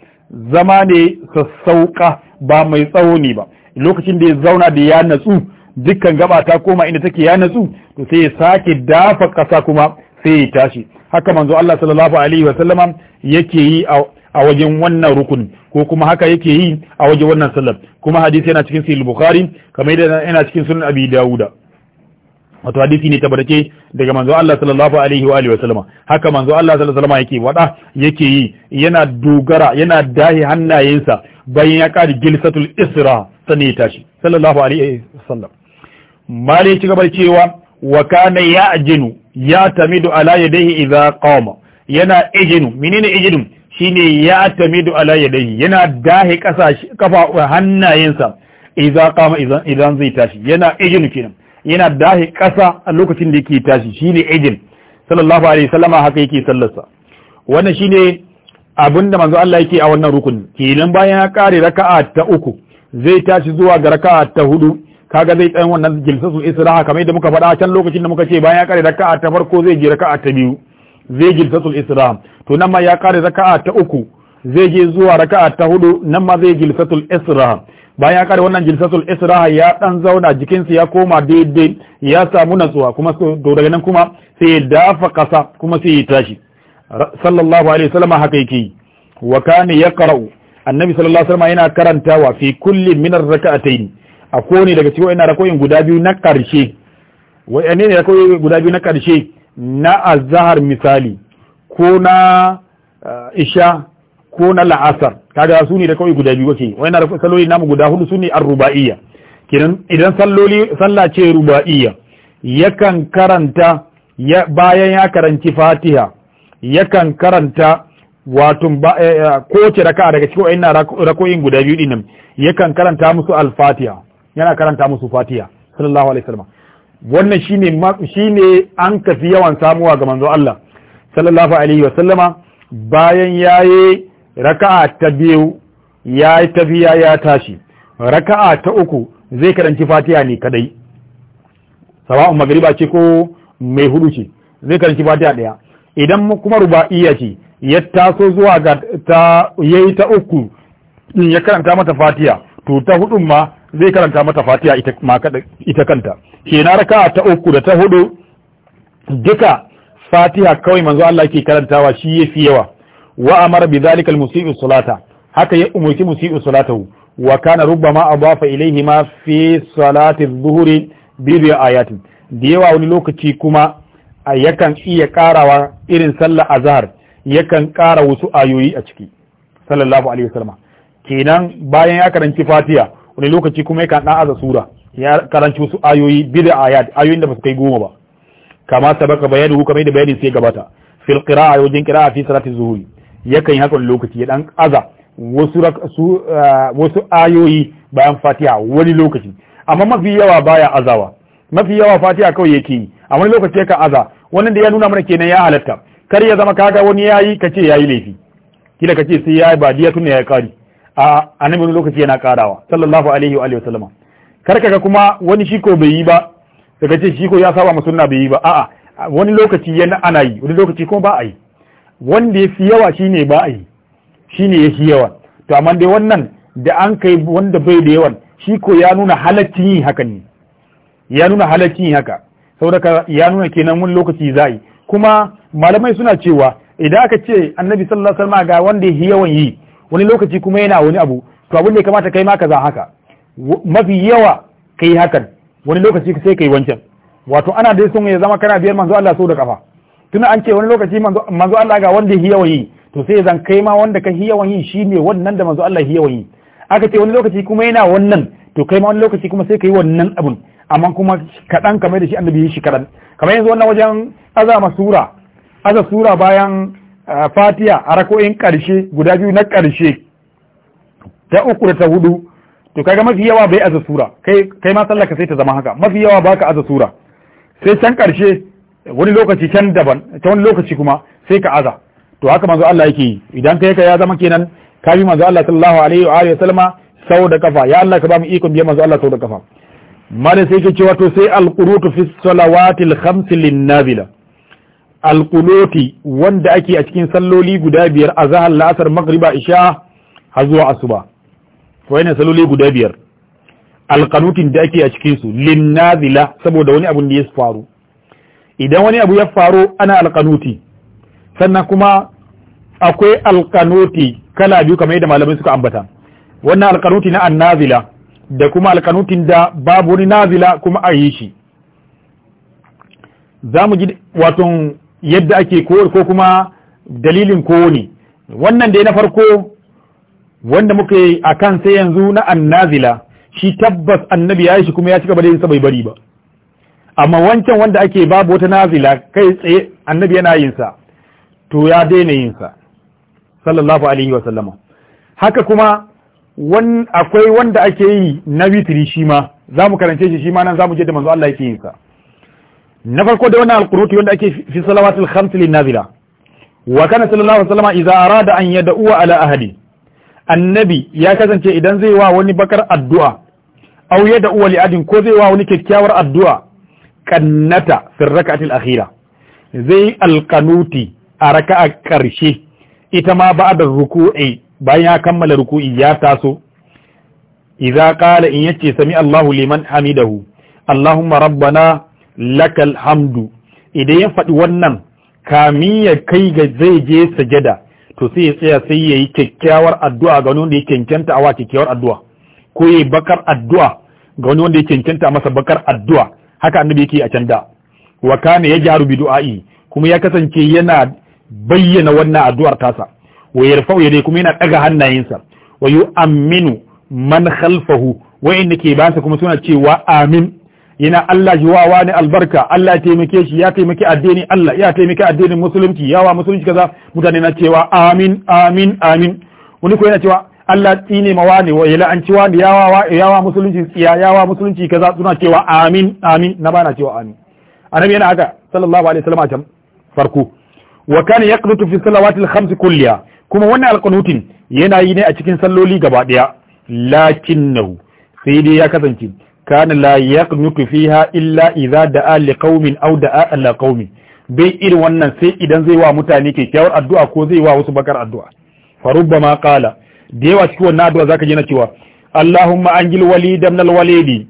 zama ne sassauka ba mai tsawo ne ba lokacin da ya zauna da ya natsu dukkan gaba ta koma inda take ya natsu to sai ya sake dafa kasa kuma sai ya tashi haka manzo Allah sallallahu alaihi wa sallama yake yi a a wajen wannan rukun ko kuma haka yake yi a wajen wannan sallar kuma hadisi yana cikin sahih bukhari kamar yadda yana cikin sunan abi dauda wato hadisi ne tabbatacce daga manzo Allah sallallahu alaihi wa alihi wasallama haka manzo Allah sallallahu alaihi wasallama yake wada yake yi yana dogara yana dahi hannayensa bayan ya kare gilsatul isra sani ya tashi sallallahu alaihi wa Sallam. mali ci gaba cewa wa kana ya'jinu ya tamidu ala yadayhi idza qama yana ijinu menene ijinu shine ya tamidu ala yadayhi yana dahe kasa kafa hannayensa idan qama idan idan zai tashi yana ejin kenan yana dahe kasa a lokacin da yake tashi shine ejin sallallahu alaihi wasallama haka yake sallarsa wannan shine da manzo Allah yake a wannan rukun kenan bayan ya kare raka'a ta uku zai tashi zuwa ga raka'a ta hudu kaga zai tsayin wannan jilsasu isra'a kamar yadda muka faɗa can lokacin da muka ce bayan ya kare raka'a ta farko zai ji raka'a ta biyu zai gilsatul islam to nan ma ya kare raka'a ta uku zai je zuwa raka'a ta hudu nan ma zai gilsatul isra bayan ya kare wannan gilsatul isra ya dan zauna jikinsa ya koma daidai ya samu natsuwa kuma to daga nan kuma sai ya dafa kasa kuma sai ya tashi sallallahu alaihi wasallam haka yake wa kana yaqra'u annabi sallallahu alaihi wasallam yana karantawa fi kulli min ar-rak'atayn a kowane daga cikin wannan rakoyin guda biyu na karshe wai ne rakoyi guda biyu na karshe na azahar misali ko na eh, isha ko na la'asar kaga su ne da kawai guda biyu kake wayna salloli namu guda hudu su ne ar kenan idan salloli sallah ce ruba'iyya yakan karanta ya bayan ya karanci Fatiha yakan karanta wato eh, eh, kowace raka daga cikin wayna rakoyin guda biyu dinnan yakan karanta musu al-Fatiha yana karanta musu Fatiha sallallahu alaihi wasallam wannan shine shine an kafi yawan samuwa ga manzo Allah sallallahu alaihi wa sallama bayan yayi raka'a ta biyu yayi tafiya ya tashi raka'a ta uku zai karanci Fatiha ne kadai sawa'un magriba ce ko mai hudu ce zai karanci Fatiha daya idan kuma ruba'iyya ce ya taso zuwa ga ta yayi ta uku ya karanta mata Fatiha to ta hudun ma zai karanta mata fatiha ita kanta ke kanta kenan raka'a ta uku da ta hudu duka fatiha kawai manzo Allah ke karantawa shi fi yawa wa amara bi zalikal musibi salata haka ya umurci musibi salata wa kana rubbama adafa ilayhi ma fi salati adh-dhuhri bi ayatin da yawa wani lokaci kuma yakan iya karawa irin sallar azhar yakan kara wasu ayoyi a ciki sallallahu alaihi wasallam kenan bayan ya karanci fatiha wani lokaci kuma yakan dan aza sura ya karanci wasu ayoyi bid'a ayat ayoyin da ba su kai goma ba kama sabaka bayani kamar da bayani sai gabata fil qira'a wajen qira'a fi salati zuhuri yakan yi haka lokaci ya dan aza wasu eh, wasu ayoyi bayan fatiha wani lokaci amma mafi yawa baya azawa mafi yawa fatiha kawai yake yi a wani lokaci yakan aza wannan da ya nuna mana kenan ya halatta kar ya zama kaga wani yayi kace yayi laifi kila kace sai yayi ba diya tun ya kari a annabi wani lokaci yana karawa sallallahu alaihi wa alihi wasallama karka kaga kuma wani shi ko bai yi ba daga ce shi ko ya saba ma sunna bai yi ba a'a wani lokaci yana ana yi wani lokaci kuma ba a yi wanda ya fi yawa shine ba a yi shine ya fi yawa to amma dai wannan da an kai wanda bai da yawan shi ko ya nuna halaccin yi haka ne ya nuna halaccin yi haka saboda ya nuna kenan wani lokaci za yi kuma malamai suna cewa idan aka ce annabi sallallahu alaihi wasallam ga wanda ya yawan yi wani lokaci kuma yana wani abu to abin da ya kamata kai ma kaza haka mafi yawa kai hakan wani lokaci sai kai wancan wato ana dai son ya zama kana biyar manzo Allah so da kafa tuna an ce wani lokaci manzo Allah ga wanda yawan yi to sai zan kai ma wanda ka yawan yi shine wannan da manzo Allah yawan yi aka ce wani lokaci kuma yana wannan to kai ma wani lokaci kuma sai kai wannan abun amma kuma kaɗan kamar da shi annabi shi kaɗan kamar yanzu wannan wajen azama sura aza sura bayan fatiya a rako'in ƙarshe guda biyu na ƙarshe ta uku da ta hudu to kaga mafi yawa bai aza sura kai ma sallaka sai ta zama haka mafi yawa baka aza sura sai can ƙarshe wani lokaci can daban ta wani lokaci kuma sai ka aza to haka manzo Allah yake yi idan kai ka ya zama kenan ka bi manzo Allah sallallahu alaihi wa alihi wasallama sau da kafa ya Allah ka ba mu ikon biya manzo Allah sau da kafa malai sai ke cewa to sai alqurutu fi salawatil khamsi lin nabila alkuloti wanda ake a cikin salloli guda biyar a zahar la'asar magriba isha har zuwa asuba yana salloli guda biyar alkanutin da ake a cikin su linnazila saboda wani abu da ya faru idan wani abu ya faru ana alkanuti sannan kuma akwai alkanuti kala biyu kamar yadda malamai suka ambata wannan alkanuti na annazila da kuma alkanutin da babu wani nazila kuma a yi shi za mu ji waton yadda ake ko kuma dalilin ko ne wannan da na farko wanda muka yi a kan sai yanzu na annazila shi tabbas annabi ya yi shi kuma ya ci gaba da sa bai bari ba amma wancan wanda ake babu wata nazila kai tsaye annabi yana yin sa to ya daina yin sa sallallahu alaihi wa sallama haka kuma akwai wanda ake yi na witiri shi ma za mu karance shi shi ma nan za mu je da manzo Allah yake yin sa na farko da wannan alqunuti wanda ake fi salawatul khams lin nazila wa kana sallallahu alaihi wasallam idza arada an yad'u ala ahli annabi ya kasance idan zai wa wani bakar addu'a aw yad'u li adin ko zai wa wani kyakkyawar addu'a kannata fi rak'atil akhira zai alqanuti a raka'a karshe ita ma da ruku'i bayan ya kammala ruku'i ya taso idza qala in yace sami Allahu liman hamidahu Allahumma rabbana lakal hamdu idan ya faɗi wannan kamin ya kai ga zai je sajada to sai ya tsaya sai ya yi kyakkyawar addu'a ga wanda ya cancanta a wa kyakkyawar addu'a ko ya yi bakar addu'a ga wani wanda ya cancanta masa bakar addu'a haka annabi yake a can da wa kana jaru bi du'a'i kuma ya kasance yana bayyana wannan addu'ar tasa wa rufa yadayhi kuma yana ɗaga hannayensa wa aminu man khalfahu wa inda ke ba kuma suna cewa amin yana Allah ji wa wani albarka Allah ya taimake shi ya taimaki addini Allah ya taimaki addinin musulunci ya wa musulunci kaza mutane na cewa amin amin amin wani ko yana cewa Allah tsine ma wani wa yala an ci wani yawa yawa musulunci tsiya yawa musulunci kaza suna cewa amin amin na bana cewa amin annabi yana haka sallallahu alaihi wasallam a can farko wa kana yaqnutu fi salawatil khams kulliya kuma wannan alqanutin yana yi ne a cikin salloli gaba daya lakinnahu sai dai ya kasance kana la yaqnutu fiha illa idza da'a liqaumin aw da'a ala qaumi bai irin wannan sai idan zai wa mutane kyakkyawar addu'a ko zai wa wasu bakar addu'a fa rubbama qala da yawa cikin wannan addu'a zaka ji na cewa Allahumma anjil walid ibn al-walidi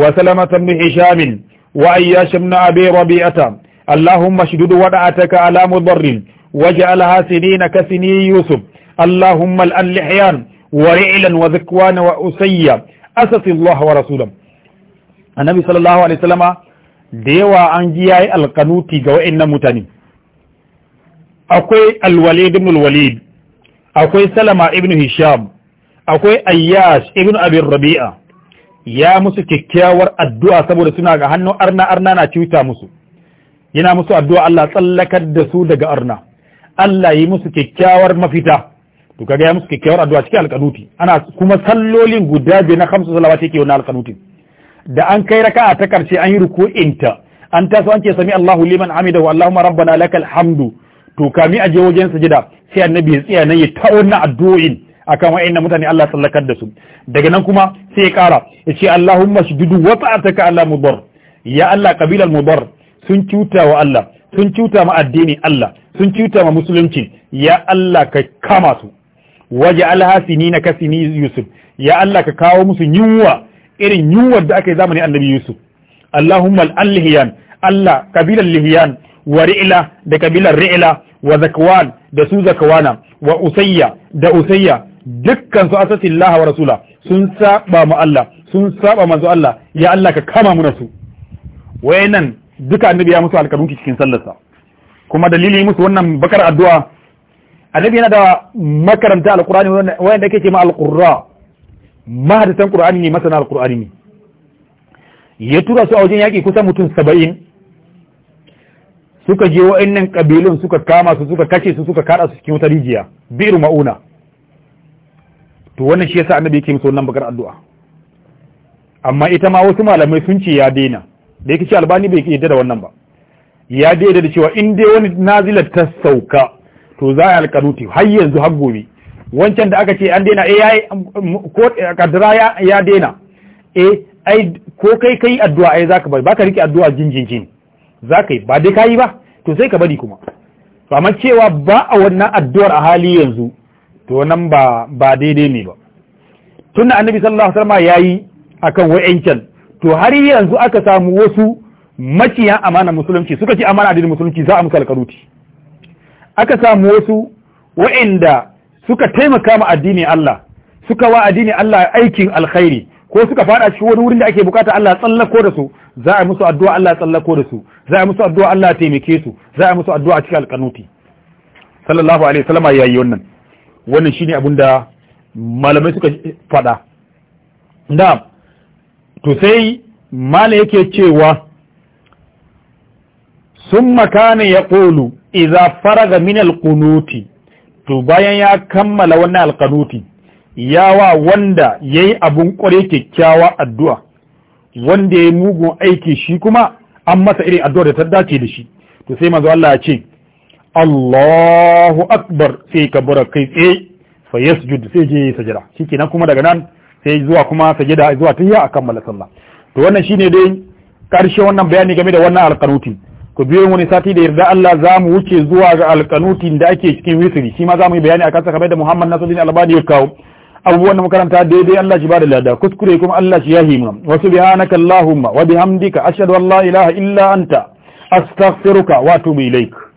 wa salamata ibn hisham wa ayyash na abi rabi'ata Allahumma shudud wada'ataka ala mudarrin waj'alha sinina ka yusuf Allahumma al-lihyan ورعلا وذكوان وأسيا أسس wa ورسوله annabi sallallahu alaihi wasallama da yawa an ji yayi alqanuti ga wa'annan mutane akwai alwalid ibn alwalid akwai salama ibn hisham akwai ayyash ibn abi rabi'a ya musu kyakkyawar addu'a saboda suna ga hannu arna arna na cuta musu yana musu addu'a Allah tsallakar da su daga arna Allah yi musu kyakkyawar mafita to kaga ya musu kyakkyawar addu'a cikin alƙanuti ana kuma sallolin guda biyu na kamsu salawati ke wannan alƙanutin da an kai raka'a ta karshe an yi ruku'inta an taso an ce sami Allahu liman hamidahu Allahumma rabbana lakal hamdu to kami a je wajen sujada sai annabi ya tsaya nan ya ta wannan addu'o'in akan na mutane Allah sallakar da su daga nan kuma sai ya kara ya ce Allahumma shdudu wa ta'ataka ala mudar ya Allah kabilar mudar sun cuta wa Allah sun cuta ma addini Allah sun cuta ma musulunci ya Allah ka kama su waje alhasini na kasini Yusuf ya Allah ka kawo musu yunwa irin yunwar da aka yi zamani annabi yusuf allahumma al'an lihiyan allah kabilar lihyan wa ri'ila da kabilar ri'ila wa zakwan da su zakwana wa usayya da usayya dukkan su asasin laha wa rasula sun saba mu allah sun saba manzo allah ya allah ka kama mu su wayannan duka annabi ya musu alkarunki cikin sallarsa kuma dalili musu wannan bakar addu'a annabi yana da makaranta alqur'ani wanda yake ce ma alqurra mahadatan qur'ani ne masana alqur'ani ne ya tura su a wajen yaƙi kusan mutum saba'in suka je wa'annan ƙabilun suka kama su suka kashe su suka kaɗa su cikin wata rijiya bir ma'una to wannan shi yasa annabi yake musu wannan bakar addu'a amma ita ma wasu malamai sun ce ya daina da yake ce albani bai yadda da wannan ba ya daina da cewa in dai wani nazila ta sauka to za a yi alƙanuti har yanzu har gobe wancan da aka ce an daina eh yayi ko eh, kadira ya ya daina eh ai ko kai kai addu'a ai zaka bari baka rike addu'a jinjinjin zaka yi ba dai kai ba to sai ka bari kuma to amma cewa ba a wannan addu'ar a hali yanzu to nan ba ba daidai ne ba tunda annabi sallallahu alaihi wasallam yayi akan wa'ancan to har yanzu aka samu wasu maciya amana musulunci suka ci amana addinin musulunci za a musu aka samu wasu wa'anda suka taimaka ma addini Allah suka wa addini Allah aikin alkhairi ko suka fada cikin wani wurin da ake bukata Allah tsallako da su za a musu addu'a Allah tsallako da su za a musu addu'a Allah taimake su za a musu addu'a cikin alkanuti sallallahu alaihi wasallam yayi wannan wannan shine abin da malamai suka fada da to sai mala yake cewa summa kana yaqulu idza faraga min alqunuti to bayan ya kammala wannan alkanuti wa wanda ya yi abin kware kyakkyawa addu'a wanda ya yi mugun aiki shi kuma an masa irin addu'a da ta dace da shi to sai mazu Allah ce Allahu akbar sai ka bura kai tsaye fa yasjud sai je sajada kenan kuma daga nan sai zuwa kuma sajada zuwa tayya a kammala sallah to wannan shine dai karshe wannan bayani game da wannan alkanuti ku biyo wani sati da yarda Allah za mu wuce zuwa ga alkanutin da ake cikin wisiri shi ma za mu yi bayani a kansa kamar da Muhammad Nasiruddin Albani ya kawo abubuwan da makaranta daidai Allah shi ba da lada kuskure kuma Allah shi ya himma wa subhanaka Allahumma wa bihamdika ashhadu an la ilaha illa anta astaghfiruka wa atubu ilaik